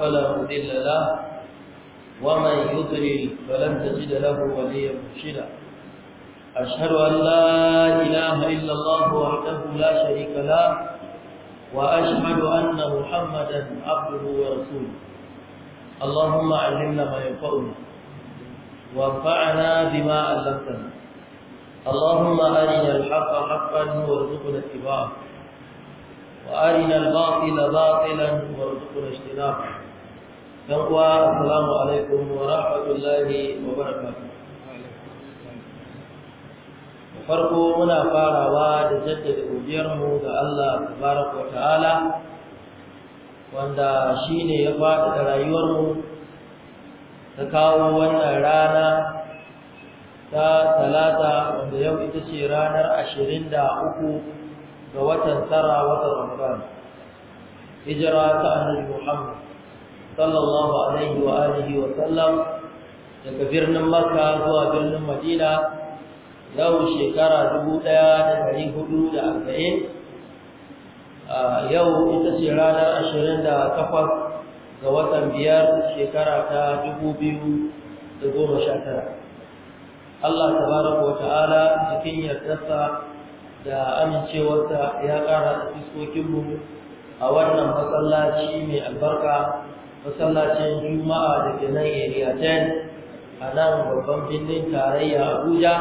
فلا مضل له ومن يضلل فلن تجد له وليا مرشدا أشهد أن لا إله إلا الله وحده لا شريك له وأشهد أن محمدا عبده ورسوله اللهم علمنا ما ينفعنا وانفعنا بما علمتنا اللهم أرنا الحق حقا وارزقنا اتباعه وأرنا الباطل باطلا وارزقنا اجتنابه Dan uwa assalamu alaikum wa rahmatullahi wa barakatuh farko muna farawa da jaddada godiyarmu ga Allah tabaraka wa ta'ala wanda shine ya faɗaɗa rayuwarmu ta kawo wannan rana ta talata wanda yau ita ce ranar ashirin da uku ga watan tara watan ramadan hijira ta annabi muhammad sallallahu alaihi wa wa sallam daga birnin Makka zuwa birnin Madina yau shekara 1440 yau ita ce ranar 28 ga watan biyar shekara ta 2019 Allah tabaraka wa ta'ala cikin yardarsa da amincewarsa ya ƙara da fiskokinmu a wannan masallaci mai albarka masallacin juma'a da ke nan area 10 a nan babban birnin tarayya abuja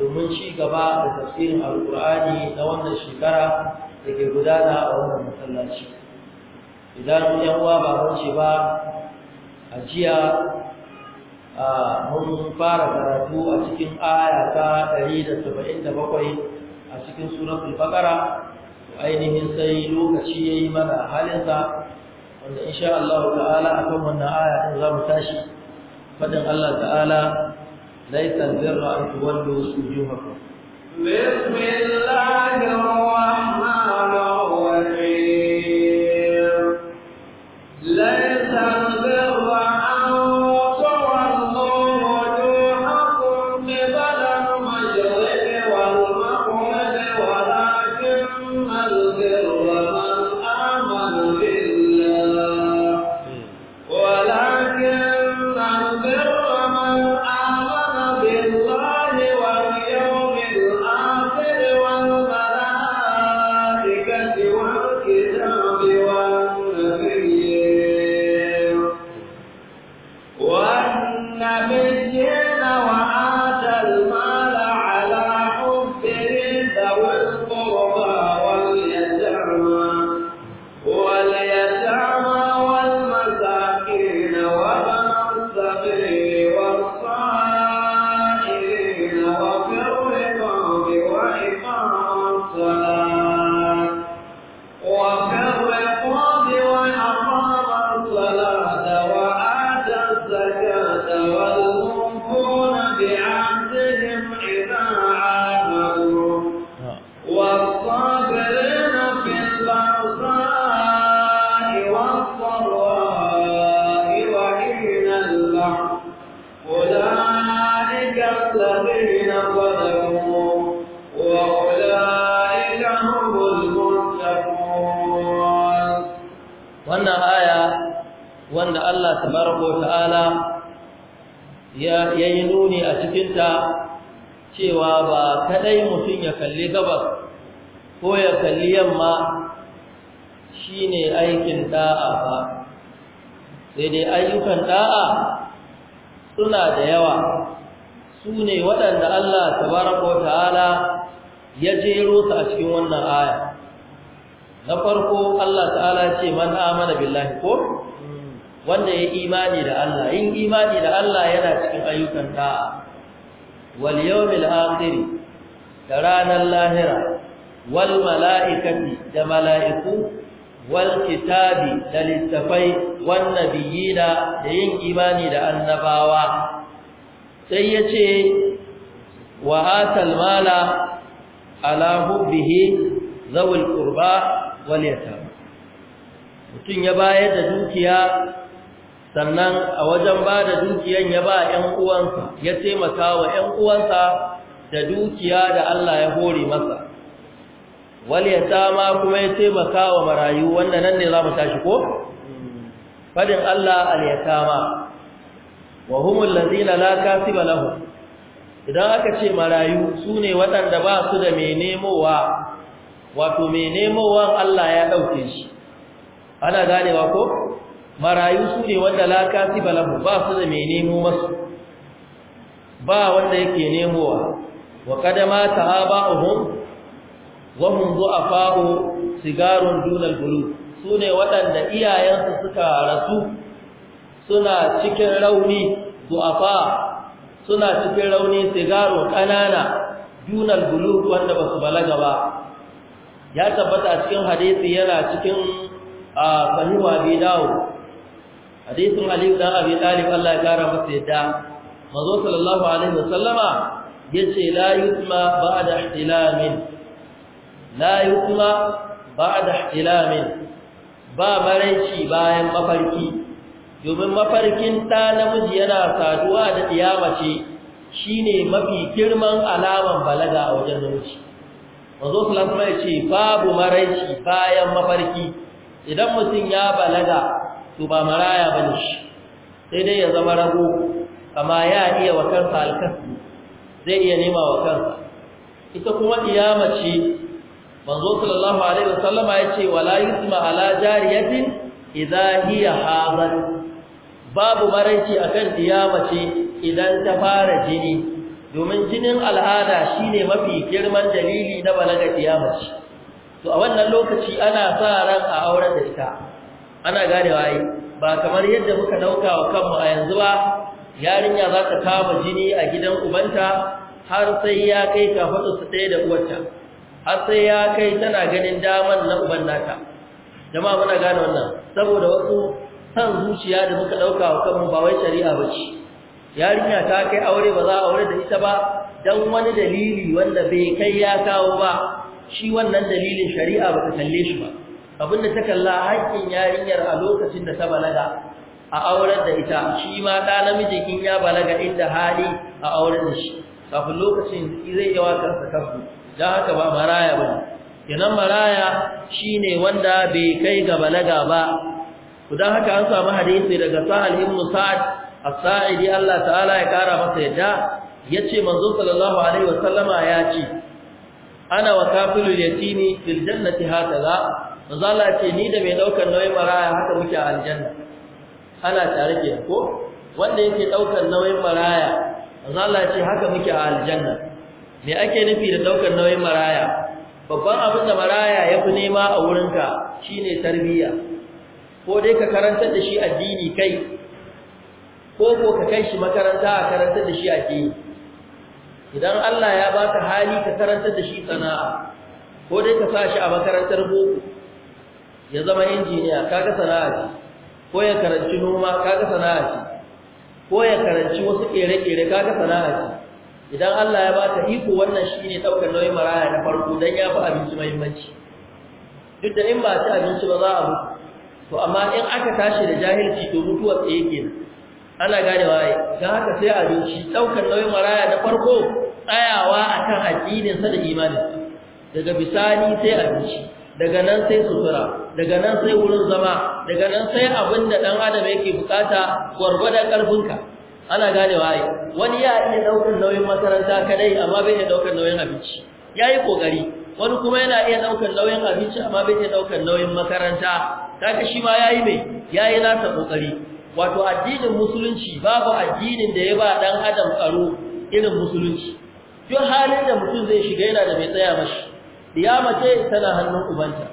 domin ci gaba da tafsirin alkur'ani na wannan shekara da ke gudana a wannan masallaci idan yan uwa ba wuce ba a jiya mun fara karatu a cikin aya ta 177 a cikin suratul baqara ainihin sai lokaci yayi mana halinsa wanda insha Allah ta'ala akan wannan aya din zamu tashi fadin Allah ta'ala laysa birra an tuwallu wujuhakum بسم الله الرحمن ta cewa ba kadai mutum ya kalli gabas ko ya kalli yamma shi ne aikin da'a ba sai dai ayyukan da'a suna da yawa su ne waɗanda Allah tabaraka wa ta'ala ya jero su a cikin wannan aya na farko Allah ta'ala ce man amana billahi ko mm. wanda ya imani da Allah in imani da Allah yana cikin ayyukan da'a wal yawmil akhir da ranar lahira wal mala'ikati da mala'iku wal kitabi da littafai wan nabiyina da yin imani da annabawa sai ya ce atal mala ala hubbihi zawul qurba wal yatam ya bayar da dukiya sannan a wajen ba da dukiyan ya ba ‘yan uwansa ya taimaka wa ‘yan uwansa da dukiya da Allah ya hore masa waliyata ma kuma ya taimaka wa marayu wannan nan ne za mu tashi ko? fadin Allah aliyata ma wa humul lazina la kasi balahu. idan aka ce marayu su ne waɗanda ba su da mai nemowa wato mai nemowan Allah ya ɗauke shi ana ganewa ko? marayu su ne wanda laka siba lahu ba su da mai nemo masu ba wanda yake nemowa wa kadama tahaba'uhum wa hum du'afa'u sigarun dunal bulu su ne waɗanda iyayensu suka rasu suna cikin rauni du'afa suna cikin rauni sigarun ƙanana dunal bulu wanda ba su balaga ba ya tabbata a cikin hadisi yana cikin a sahiwa bi dawo hadisin Ali da Abi Talib Allah ya kara masa yadda manzo sallallahu alaihi wasallama yace la yutma ba'da ihtilamin la yutma ba'da ihtilamin ba maraici bayan mafarki domin mafarkin ta namiji yana saduwa da ɗiyamace shi ne mafi girman alaman balaga a wajen namiji mazo sulasma ya ce babu maraici bayan mafarki idan mutum ya balaga to ba maraya bane shi sai dai ya zama rago kama ya iya wa kansa alkasu zai iya nema wa kansa ita kuma ce. manzo sallallahu alaihi ya ce, wala yusma ala jariyatin idha hiya hadat babu maraici akan mace idan ta fara jini domin jinin al'ada shine mafi girman dalili na balaga mace. to a wannan lokaci ana sa ran a auren da ita ana ganewa yi ba kamar yadda muka dauka wa kanmu a yanzu ba yarinya za ta kama jini a gidan ubanta har sai ya kai kafadu su ɗaya da uwarta har sai ya kai tana ganin daman na uban nata jama'a muna gane wannan saboda wasu san zuciya da muka dauka wa kanmu ba wai shari'a ba ce yarinya ta kai aure ba za a aure da ita ba dan wani dalili wanda bai kai ya kawo ba shi wannan dalilin shari'a ba ta kalle shi ba da ta kalla haƙƙin yarinyar a lokacin da ta balaga a auren da ita shi ma ɗa namijin in ya balaga inda hali a auren da shi kafin lokacin zai yawa kansa kafu don haka ba maraya ba kenan maraya shi ne wanda bai kai ga balaga ba don haka an samu hadisi daga sa'ad ibn sa'ad as-sa'idi Allah ta'ala ya kara masa yadda yace manzo sallallahu alaihi Sallama ya ce ana wa kafilul yatimi fil jannati hakaza manzo Allah ce ni da mai daukar nauyin maraya haka muke a aljanna ana tare ke ko wanda yake daukar nauyin maraya manzo Allah ce haka muke a aljanna me ake nufi da daukar nauyin maraya babban abin da maraya ya fi nema a wurinka shine tarbiyya ko dai ka karantar da shi addini kai ko ko ka kai shi makaranta a karantar da shi addini idan Allah ya baka hali ka karantar da shi sana'a ko dai ka sa shi a makarantar boko ya zama injiniya kaga sana'a ce ko ya karanci noma kaga sana'a ce ko ya karanci wasu kere-kere kaga sana'a ce idan Allah ya baka iko wannan shine daukar nauyin maraya na farko dan ya fi abinci muhimmanci duk da in ba ci abinci ba za a mutu to amma in aka tashi da jahilci to mutuwa tsaye kenan ana gane waye dan haka sai abinci daukar nauyin maraya na farko tsayawa akan addinin sa da imani daga bisani sai abinci daga nan sai sutura daga nan sai wurin zama daga nan sai abin da ɗan adam yake bukata gwargwadon ƙarfinka ana ganewa ai wani ya iya daukar nauyin makaranta kadai amma bai iya ɗaukar nauyin abinci ya yi wani kuma yana iya ɗaukar nauyin abinci amma bai iya ɗaukar nauyin makaranta kaga shi ma ya mai ya yi nasa ƙoƙari wato addinin musulunci babu addinin da ya ba ɗan adam tsaro irin musulunci duk halin da mutum zai shiga yana da mai tsaya mashi diyama ce tana hannun ubanta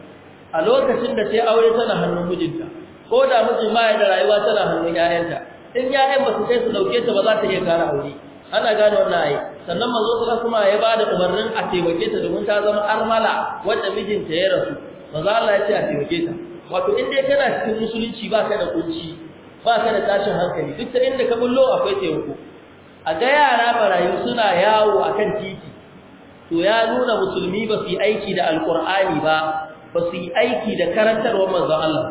a lokacin da ce aure tana hannun mijinta ko da mijin ma ya da rayuwa tana hannun 'ya'yanta. in ya'yan ba su kai su dauke ta ba za ta iya kara aure ana gane wannan ayi sannan manzo sallallahu kuma ya da umarnin a taimake ta domin ta zama armala wanda mijinta ya rasu manzo Allah ya ce a taimake ta wato in dai kana cikin musulunci ba ka da kunci ba ka da tashin hankali duk ta inda ka bullo akwai taimako a ga yara barayu suna yawo akan titi to ya nuna musulmi ba su yi aiki da alkur'ani ba ba su yi aiki da karantarwar manzon Allah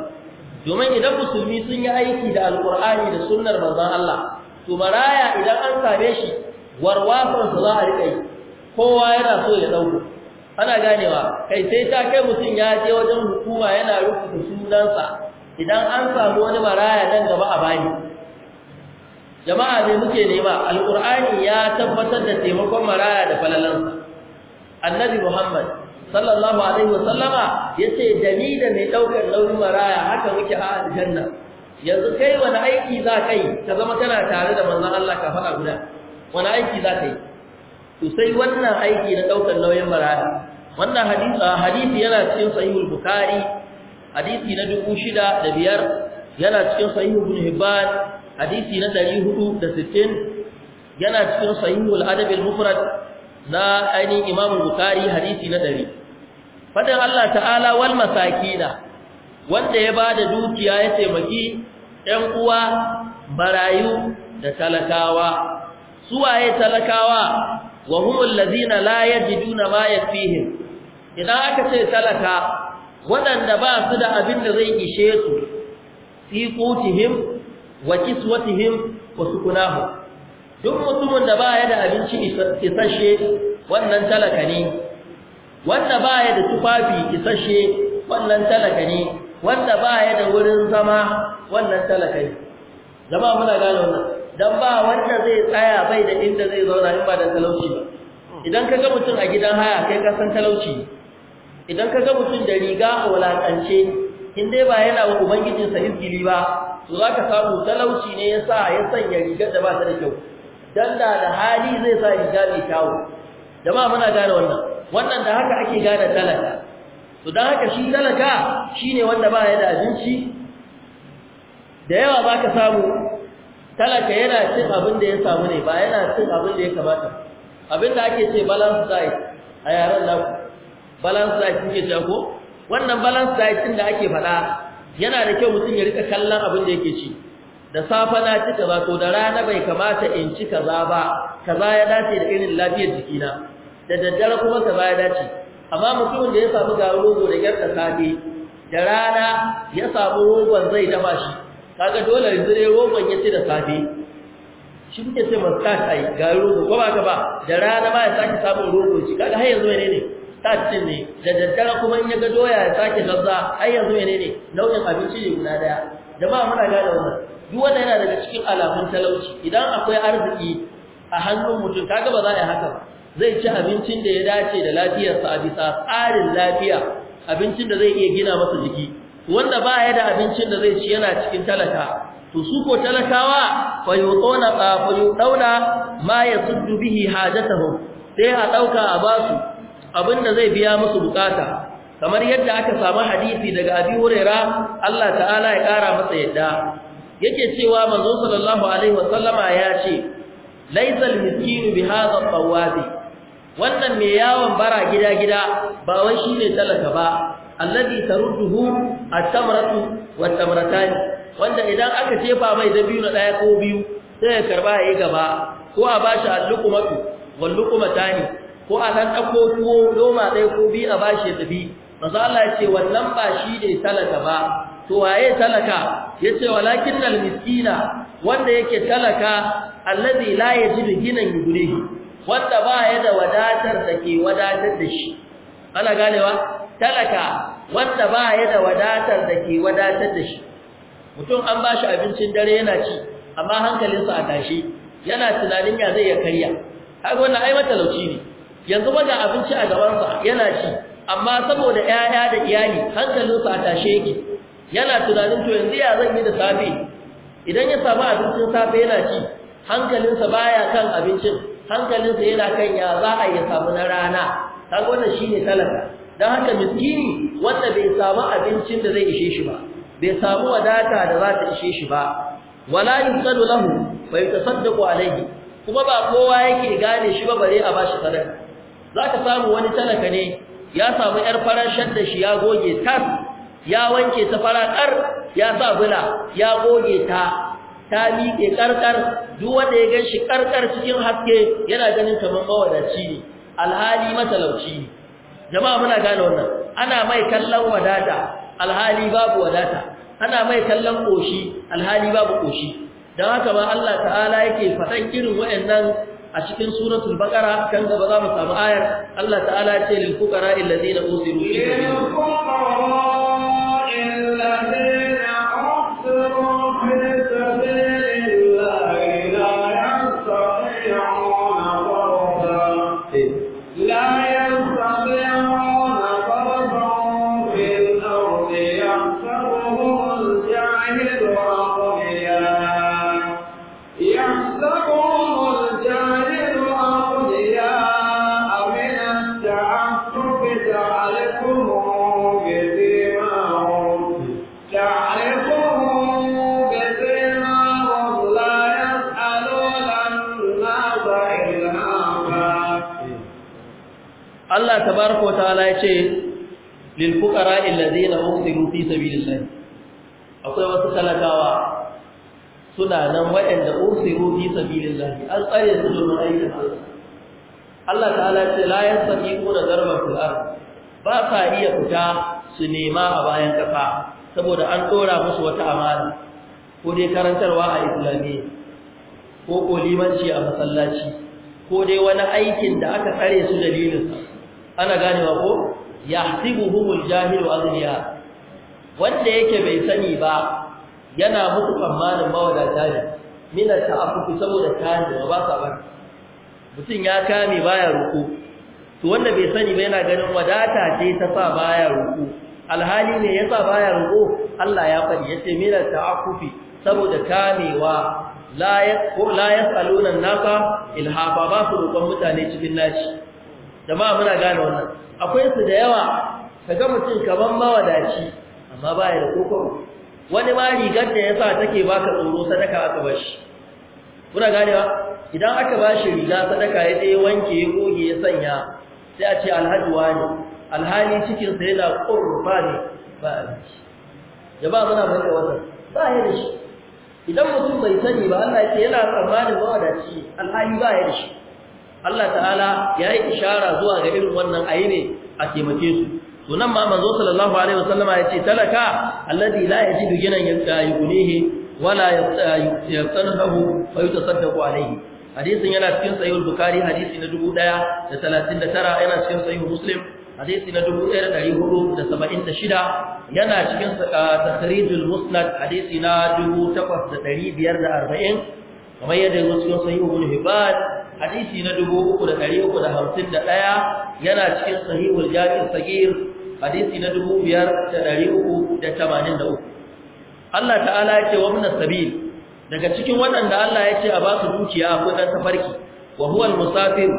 domin idan musulmi sun yi aiki da alkur'ani da sunnar manzon Allah to maraya idan an same shi warwasan su za a riƙa yi kowa yana so ya dauko ana ganewa kai sai ta kai mutum ya je wajen hukuma yana rubuta sunansa idan an samu wani maraya nan gaba a bani jama'a ne muke nema alkur'ani ya tabbatar da taimakon maraya da falalansa annabi muhammad sallallahu alaihi wasallama yace da ni da mai daukar nauyin maraya haka muke a aljanna yanzu kai wani aiki za kai yi ka zama kana tare da manzon Allah ka faɗa guda wani aiki za kai? yi to sai wannan aiki na daukar nauyin maraya wannan hadisi yana cikin sahihul bukhari hadisi na 6005 yana cikin sahihul ibn hibban hadisi na 460 yana cikin sahihul adab al-mufrad na ainihin Imam Bukhari hadisi na ɗari. fadin Allah ta'ala wal masakina wanda ya bada dukiya ya taimaki ɗan uwa barayu da talakawa suwaye talakawa wa humul ladina la yajiduna ma yakfihim idan aka ce talaka waɗanda ba su da abin da zai ishe su fi qutihim wa kiswatihim wa sukunahum duk mutumin da baya da abinci isasshe wannan talaka ne wanda baya da tufafi isasshe wannan talaka ne wanda baya da wurin zama wannan talaka ne zama muna gane wannan dan ba wanda zai tsaya bai da inda zai zauna in ba da talauci ba idan kaga mutum a gidan haya kai ka san talauci idan kaga mutum da riga a walakance in dai ba yana wa ubangijinsa izgili ba to za ka samu talauci ne ya sa ya sanya rigar da ba ta da kyau dan da da hali zai sa hijabi kawo jama'a muna gane wannan wannan da haka ake gane talaka to dan haka shi talaka shine wanda ba ya da abinci da yawa baka samu talaka yana cin abin da ya samu ne ba yana cin abin da ya kamata abin da ake ce balance diet a yaran naku balance diet kike cewa ko wannan balance diet din da ake faɗa yana da kyau mutum ya rika kallon abin da yake ci da safa na ci kaza to da rana bai kamata in ci kaza ba kaza ya dace da irin lafiyar jikina da daddare kuma kaza ya dace amma mutumin da ya samu garin rogo da yar safe da rana ya samu rogon zai dafa shi kaga dole yanzu dai rogon ya ci da safe shi kuke sai mastat sai ga rogo ko ba ka ba da rana ba ya sake samun rogo shi kaga har yanzu ne ne stat ne da daddare kuma in ya ga doya ya sake lazza har yanzu ne ne nau'in abinci ne guda daya jama'a muna gane wannan duk wanda yana daga cikin alamun talauci idan akwai arziki a hannun mutum kaga ba za a yi haka zai ci abincin da ya dace da lafiyarsa a bisa tsarin lafiya abincin da zai iya gina masa jiki wanda ba ya da abincin da zai ci yana cikin talaka to su ko talakawa fa yutuna fa yudawla ma yasuddu bihi hajatahu sai a dauka a basu da zai biya musu bukata kamar yadda aka samu hadisi daga Abi Hurairah Allah ta'ala ya kara masa yadda yake cewa manzo sallallahu alaihi wasallama ya ce laisal miskinu bi hadha tawabi wannan me yawon bara gida gida ba wai shine talaka ba alladhi taruduhu at-tamratu wat wanda idan aka cefa mai da biyu na daya ko biyu sai ya karba yayi gaba ko a bashi al-luqmatu wal-luqmatani ko a dan dako tuwo doma dai ko bi a bashi tafi manzo Allah ya ce wannan ba shi ne talaka ba to waye talaka yace walakin almiskina wanda yake talaka allazi la yajibu ginan yuguri wanda ba ya da wadatar da ke wadatar da shi ana ganewa talaka wanda ba ya da wadatar da ke wadatar da shi mutum an bashi abincin dare yana ci amma hankalinsa a tashi yana tunanin ya zai ya karya kaga wannan ai matalauci ne yanzu ba ga abinci a gabansa yana ci amma saboda 'ya'ya da iyali hankalinsa a tashe yake yana tunanin to yanzu ya zan yi da safe idan ya samu abincin safe yana ci hankalinsa baya kan abincin hankalinsa yana kan ya za a yi samu na rana kan wannan shine talaka dan haka miskini wanda bai samu abincin da zai ishe shi ba bai samu wadata da za ta ishe shi ba wala yusallu lahu fa yatasaddaqu alayhi kuma ba kowa yake gane shi ba bare a bashi sadaka zaka samu wani talaka ne ya samu yar farashar da shi ya goge tas ya wanke ta farakar ya sa bula ya goge ta ta miƙe karkar duk wanda ya ganshi shi karkar cikin haske yana ganin kamar mawadaci ne alhali matalauci ne jama'a muna gane wannan ana mai kallon wadata alhali babu wadata ana mai kallon koshi alhali babu koshi dan haka ma Allah ta'ala yake faɗan irin wayannan a cikin suratul baqara kan gaba za mu samu ayar Allah ta'ala ce lil fuqara alladhina usiru fi sabilillah La tabaraka wa ta'ala ya ce lil fuqara alladhina usiru fi sabilillah akwai wasu talakawa suna nan waɗanda usiru fi sabilillah an tsare su domin aikin Allah Allah ta'ala ce la yastatiquna darban fil ard ba sa iya fita su nema a bayan kafa saboda an dora musu wata amana ko dai karantarwa a islamiyya ko limanci a masallaci ko dai wani aikin da aka tsare su dalilinsa ana ganewa ko yahsibuhumul jahilu azniya wanda yake bai sani ba yana musu tsammanin mawadata tare mina ta'affufi saboda tare da ba sa ba mutum ya kame baya ruku to wanda bai sani ba yana ganin wadata ce ta sa baya ruku alhali ne ya sa baya ruku Allah ya faɗi yace mina ta'affufi saboda kamewa la yas'aluna an ilhafa ba su rukun mutane cikin naci jama'a muna gane wannan akwai su da yawa ka ga mutum kaman mawadaci amma baya da kokoro wani ma rigar da yasa take baka tsoro sadaka aka bashi gane ganewa idan aka bashi riga sadaka ya dai wanke ya goge ya sanya sai a ce alhaji wani alhali cikin sa yana kurfa ne ba abinci jama'a muna fahimta wannan ba ya da shi idan mutum bai sani ba Allah ya ce yana tsammanin mawadaci alhali ba ya da shi Allah ta'ala ya yi ishara zuwa ga irin wannan ayi ne a taimake su Sunan nan ma manzo sallallahu alaihi wasallama ya ce talaka alladhi la yajidu ginan yughnihi wala yaqtanahu fa yutasaddaqu alaihi hadisin yana cikin sahih bukhari hadisi na 1039 yana cikin sahih muslim hadisi na 1476 yana cikin ah, takhrijul musnad hadisi na 8540 kamar yadda yake cikin sahih ibn hibban hadisi na 3351 yana cikin sahihul jami' sagir hadisi na 5383 Allah ta'ala ya ce wa min sabil daga cikin waɗanda Allah ya ce a ba su dukiya ko dan tafarki wa huwa al-musafir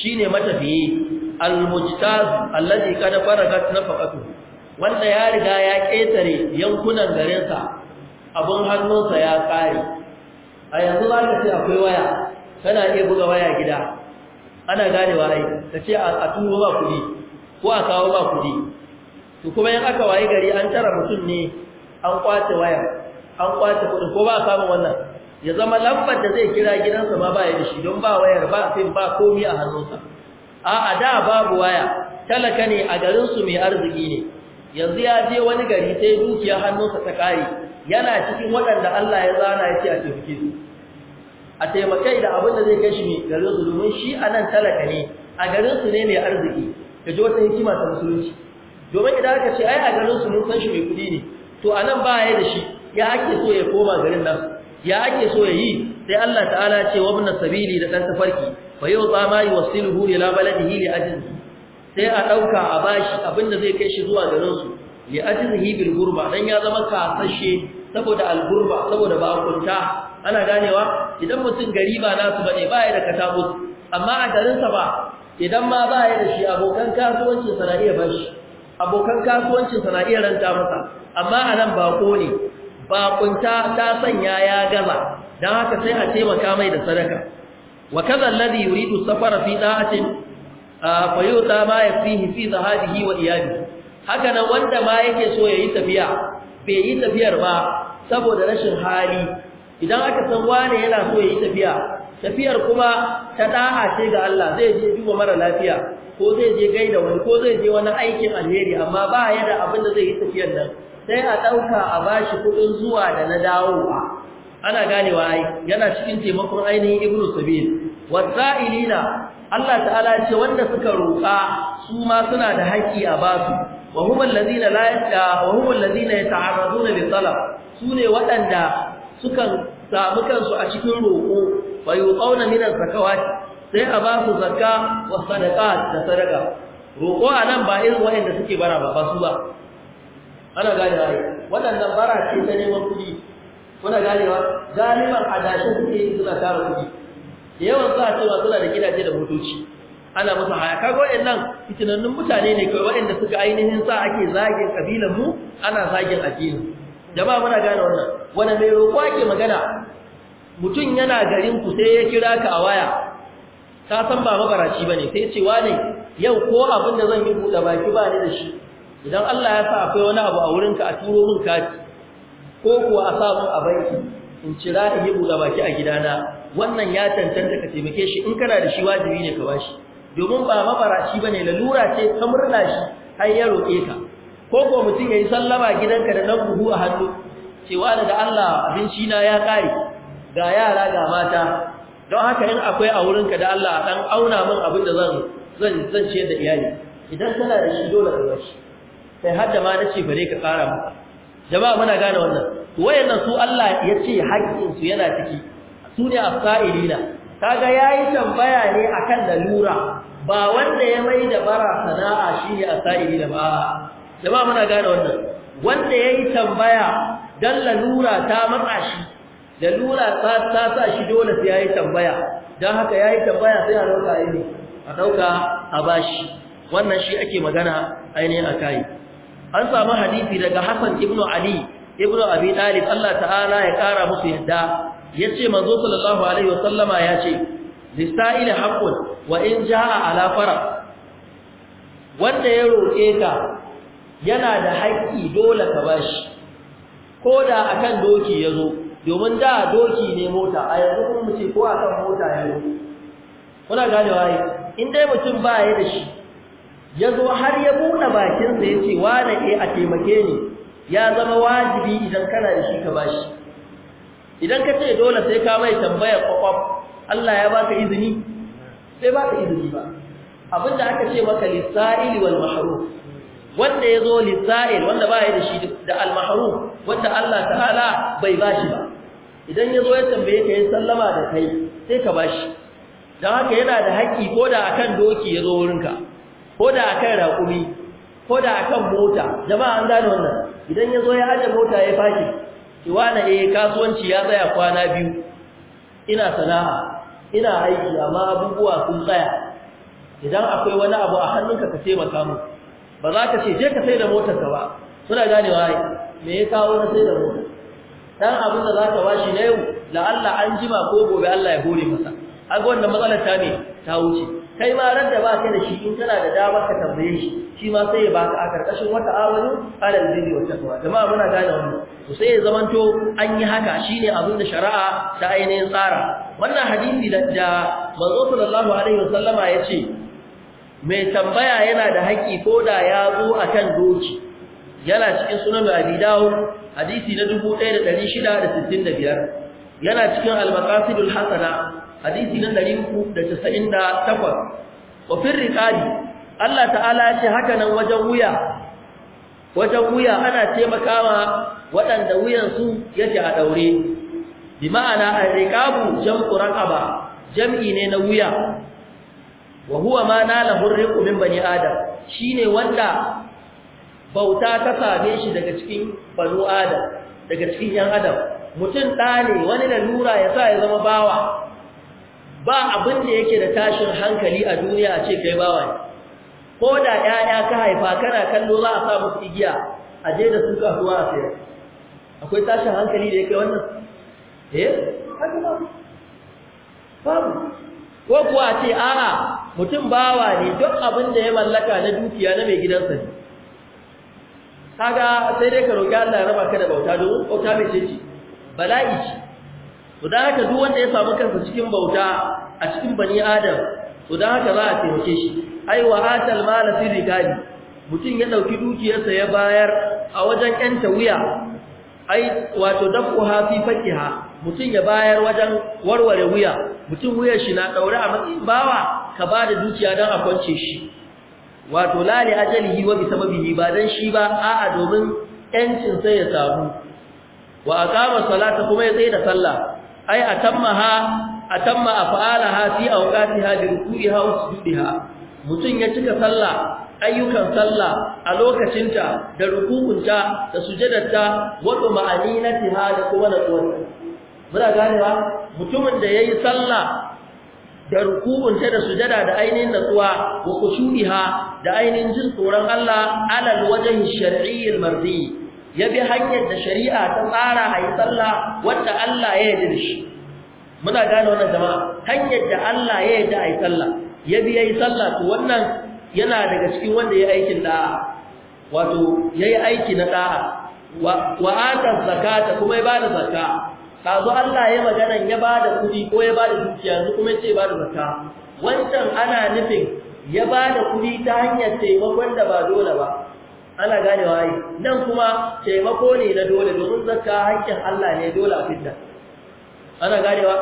shine matafiyi al-mujtaz alladhi kana faragat nafaqatu wanda ya riga ya ketare yankunan garinsa abun hannunsa ya kare a yanzu za ka ce akwai waya kana iya buga waya gida ana gane wa ai ta ce a turo ba kuɗi ko a kawo ba kuɗi to kuma yan aka waye gari an tara mutum ne an kwace waya an kwace kudi ko ba samu wannan ya zama lambar da zai kira gidansa ma ba ya da shi don ba wayar ba sai ba komi a hannunsa a a da babu waya talaka ne a garinsu mai arziki ne yanzu ya je wani gari sai dukiya hannunsa ta kare yana cikin waɗanda Allah ya zana ya ce a tafi su a taimakai da abin da zai kai shi gare su domin shi a nan talaka ne a garin su ne mai arziki da ji wata hikima ta musulunci domin idan aka ce ai a garin su mun san shi mai kuɗi ne to a nan ba ya da shi ya ake so ya koma garin nan ya ake so ya yi sai Allah ta'ala ce wa ibn sabili da dan tafarki fa yau tsama yi wasiluhu ila baladihi li ajzi sai a dauka a bashi abin da zai kai shi zuwa garin su li ajzihi bil gurba dan ya zama kasashe saboda alburba saboda bakunta ana ganewa idan mutum gari ba nasu bane ya da katabus amma a sa ba idan ma ya da shi abokan kasuwanci sa na iya bashi abokan kasuwanci sa na iya ranta masa amma a nan bako ne bakunta ta sanya ya gaza dan haka sai a taimaka mai da sadaka wa kaza alladhi yuridu safara fi da'atin fa yuta ma yafihi fi dhahabihi wa iyadihi haka nan wanda ma yake so yayi tafiya bai yi tafiyar ba saboda rashin hali idan aka san wane yana so ya yi tafiya tafiyar kuma ta da'a ce ga Allah zai je duba mara lafiya ko zai je gaida wani ko zai je wani aikin alheri amma ba ya da abin da zai yi tafiyar nan sai a ɗauka a bashi kuɗin zuwa da na dawowa ana ganewa ai yana cikin taimakon ainihin ibnu sabil wasa'ilina Allah ta'ala ya ce wanda suka roƙa su ma suna da haƙƙi a basu wa huwa allazina la wa huwa allazina yata'arraduna bi talab su ne waɗanda sukan samu kansu a cikin roƙo bai ƙauna minan zakawati sai a ba su zakka wa sadaka da sadaka roƙo a nan ba irin waɗanda suke bara ba su ba ana gane ba. waɗannan bara ce ta neman kuɗi kuna ganewa galiban adashin suke yi suna tara kuɗi da yawan za a cewa suna da gidaje da motoci ana musu haya kaga waɗannan fitinannun mutane ne kai waɗanda suka ainihin sa ake zagin kabilan mu ana zagin addinin jama'a muna gane wannan wanda mai roƙo ake magana mutum yana garin ku sai ya kira ka a waya ka san ba mabaraci bane sai ce wane yau ko abin da zan yi buɗe baki ba ni da shi idan Allah ya sa akwai wani abu a ka a turo min kati ko kuwa a sa min a banki in cira in yi buɗe baki a gidana wannan ya tantance ka taimake shi in kana da shi wajibi ne ka bashi domin ba mabaraci bane lalura ce ta murna shi har ya roƙe ka Koko mutum ya yi sallama gidanka da dan buhu a hannu cewa da Allah abinci na ya kare ga yara ga mata don haka in akwai a wurinka da Allah dan auna min abin da zan zan zan da iyali idan kana da shi dole ka bashi sai har da ma nace bare ka kara ba jama'a muna gane wannan wayannan su Allah yace haƙƙin su yana ciki su ne afsa'ilina kaga yayi tambaya ne akan lalura ba wanda ya mai da bara sana'a shi shine asa'ilina ba jama'a muna gane wannan wanda yayi tambaya dan lalura ta matsa shi lalura ta ta sa shi dole sai yayi tambaya dan haka yayi tambaya sai a dauka aini a dauka a bashi wannan shi ake magana ainihin akai an samu hadisi daga Hassan ibn Ali ibn Abi Talib Allah ta'ala ya kara musu yadda yace manzo sallallahu alaihi wasallama yace lisa'il haqqun wa in jaa ala farq wanda ya roke ka yana da haƙƙi dole ka bashi ko da akan doki ya zo domin da doki ne mota a yanzu kun mu ce ko akan mota ya zo kuna gane ai in dai mutum ba ya da shi ya zo har ya buɗe bakinsa ya ce wane eh a taimake ni ya zama wajibi idan kana da shi ka bashi idan ka ce dole sai ka mai tambayar kwakwaf Allah ya baka izini sai baka izini ba abinda aka ce maka lisa'ili wal mahruf wanda ya zo lissa'il wanda ba ya da shi da almaharu wanda Allah ta'ala bai ba shi ba idan ya zo ya tambaye ka ya sallama da kai sai ka ba shi don haka yana da haƙƙi ko da akan doki ya zo wurinka ko da akan raƙumi ko da akan mota jama'a an gane wannan idan ya zo ya aje mota ya faki wane eh kasuwanci ya tsaya kwana biyu ina sana'a ina aiki amma abubuwa sun tsaya idan akwai wani abu a hannunka ka taimaka mu ba za ka ce je ka sai da motar ka ba suna ganewa waye me ya kawo na sai da mota dan abin da za ka bashi na yau la Allah an jima ko gobe Allah ya hore masa a ga wannan matsalar ta ne ta wuce kai ma ran da ba kai da shi in kana da dama ka tambaye shi shi ma sai ya baka a karkashin wata awani alal zili wa taqwa jama'a muna gane wannan to sai ya zamanto an yi haka shine abin da shari'a ta ainihin tsara wannan hadisi da manzo sallallahu alaihi wasallama yace mai tambaya yana da haƙi ko da ya zo a kan doki yana cikin sunan abi dawud hadisi na 1665 yana cikin al-maqasidul hasana hadisi na 398 wa firri riqabi Allah ta'ala ya ce haka nan wajen wuya wajen wuya ana taimakawa waɗanda wuyansu yake a daure bi ma'ana al-riqabu jam'u raqaba jam'i ne na wuya wa huwa ma nalahu rizqu min bani adam shine wanda bauta ta same shi daga cikin banu adam daga cikin yan adam mutum dane ne wani lalura ya sa ya zama bawa ba abin da yake da tashin hankali a duniya a ce kai bawa ne ko da 'ya'ya ka haifa kana kallo za a sa musu igiya a je da su kasuwa a sayar akwai tashin hankali da yake wannan eh babu ko kuwa ce a'a mutum bawa ne duk abin da ya mallaka na dukiya na mai gidansa ne kaga sai dai ka roki Allah ya raba ka da bauta domin bauta mai ceci. bala'i ce to dan haka duk wanda ya samu kansa cikin bauta a cikin bani adam to dan haka za a taimake shi ai wa atal mala fi mutum ya dauki dukiyarsa ya bayar a wajen ƴan tawiya ai wato ha fi fakiha mutum ya bayar wajen warware wuya mutum wuyar shi na daure a matsayin bawa ka ba da dukiya don a kwance shi wato la li ajalihi wa bi sababihi ba dan shi ba a'a domin yancin sai ya samu wa aqama salata kuma ya tsaye da sallah ai ha atamma af'alaha fi awqatiha bi ruku'iha wa sujudiha mutun ya cika sallah ayyukan sallah a lokacinta da ta da sujadarta wato ma'aninatiha da kuma natsuwarta muna ganewa mutumin da yayi sallah da ta da sujada da ainihin natsuwa wa kushuha da ainihin jin tsoron Allah alal wajhi shar'i al-mardi ya bi hanyar da shari'a ta tsara a yi sallah wanda Allah ya yarda da shi muna gane wannan jama'a hanyar da Allah ya yarda a yi sallah ya bi ya yi sallah to wannan yana daga cikin wanda ya aikin da'a wato ya yi aiki na da'a wa ata zakata kuma ya bada ta kazo Allah ya magana ya bada kudi ko ya bada dukiya yanzu kuma ba bada zaka wancan ana nufin ya bada kudi ta hanyar taimakon da ba dole ba ana ganewa yi. nan kuma taimako ne na dole domin zakka hakkin Allah ne dole a fitta ana ganewa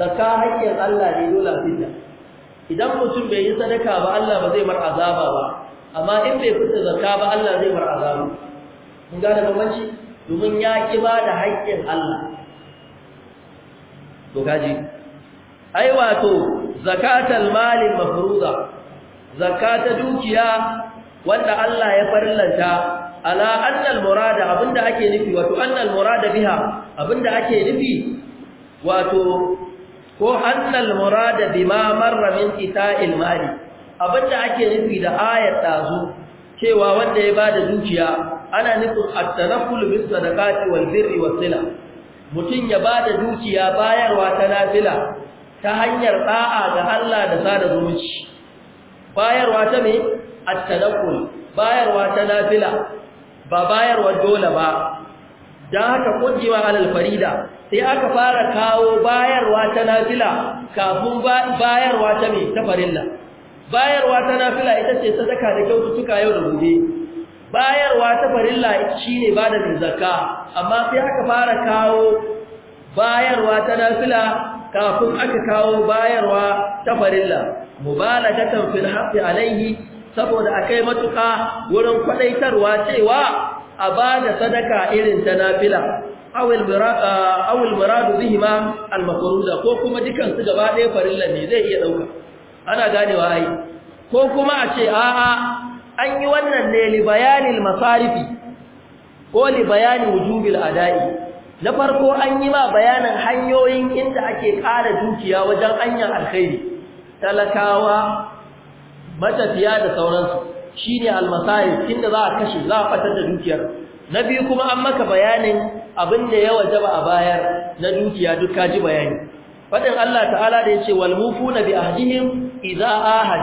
zakka hakkin Allah ne dole a fitta idan mutum bai yi sadaka ba Allah ba zai mar azaba ba amma in bai fita zakka ba Allah zai mar azaba mun gane bambanci domin ya ki ba da haƙƙin Allah to kaji ai wato zakatul malin mafruza zakata dukiya wanda Allah ya farlanta ala annal murada abinda ake nufi wato annal murada biha abinda ake nufi wato ko annal murada bima marra min ita'il mali abinda ake nufi da ayar tazo cewa wanda ya bada dukiya ana nufin at-tanafful bis sadaqati wal birri was sila mutun ya bada dukiya bayarwa ta nafila ta hanyar da'a ga Allah da sada zuci, bayarwa ta me at-tanafful bayarwa ta nafila ba bayarwa dole ba dan haka kujewa alal farida sai aka fara kawo bayarwa ta nafila kafin bayarwa ta mai ta farilla bayarwa ta nafila ita ce sadaka da kyaututtuka yau da gobe bayarwa ta farilla shi ne bada da zakka amma sai aka fara kawo bayarwa ta nafila kafin aka kawo bayarwa ta farilla mubalagatan fil haqqi alaihi saboda akai matuka wurin kwadaitarwa cewa a ba da sadaka irin ta nafila awil muradu bihima al-mafruda ko kuma dukan su gaba ɗaya farin ne zai iya dauka ana ganewa ai ko kuma a ce a'a an yi wannan ne li bayanil masarifi ko li bayani wujubil ada'i na farko an yi ma bayanin hanyoyin inda ake ƙara dukiya wajen anyan alkhairi talakawa matafiya da sauransu shine al-masarif inda za a kashe za a fatar da dukiyar na biyu kuma an maka bayanin abin da ya wajaba a bayar na dukiya duk ka ji bayani fadin Allah ta'ala da yace wal mufuna bi ahdihim a ahad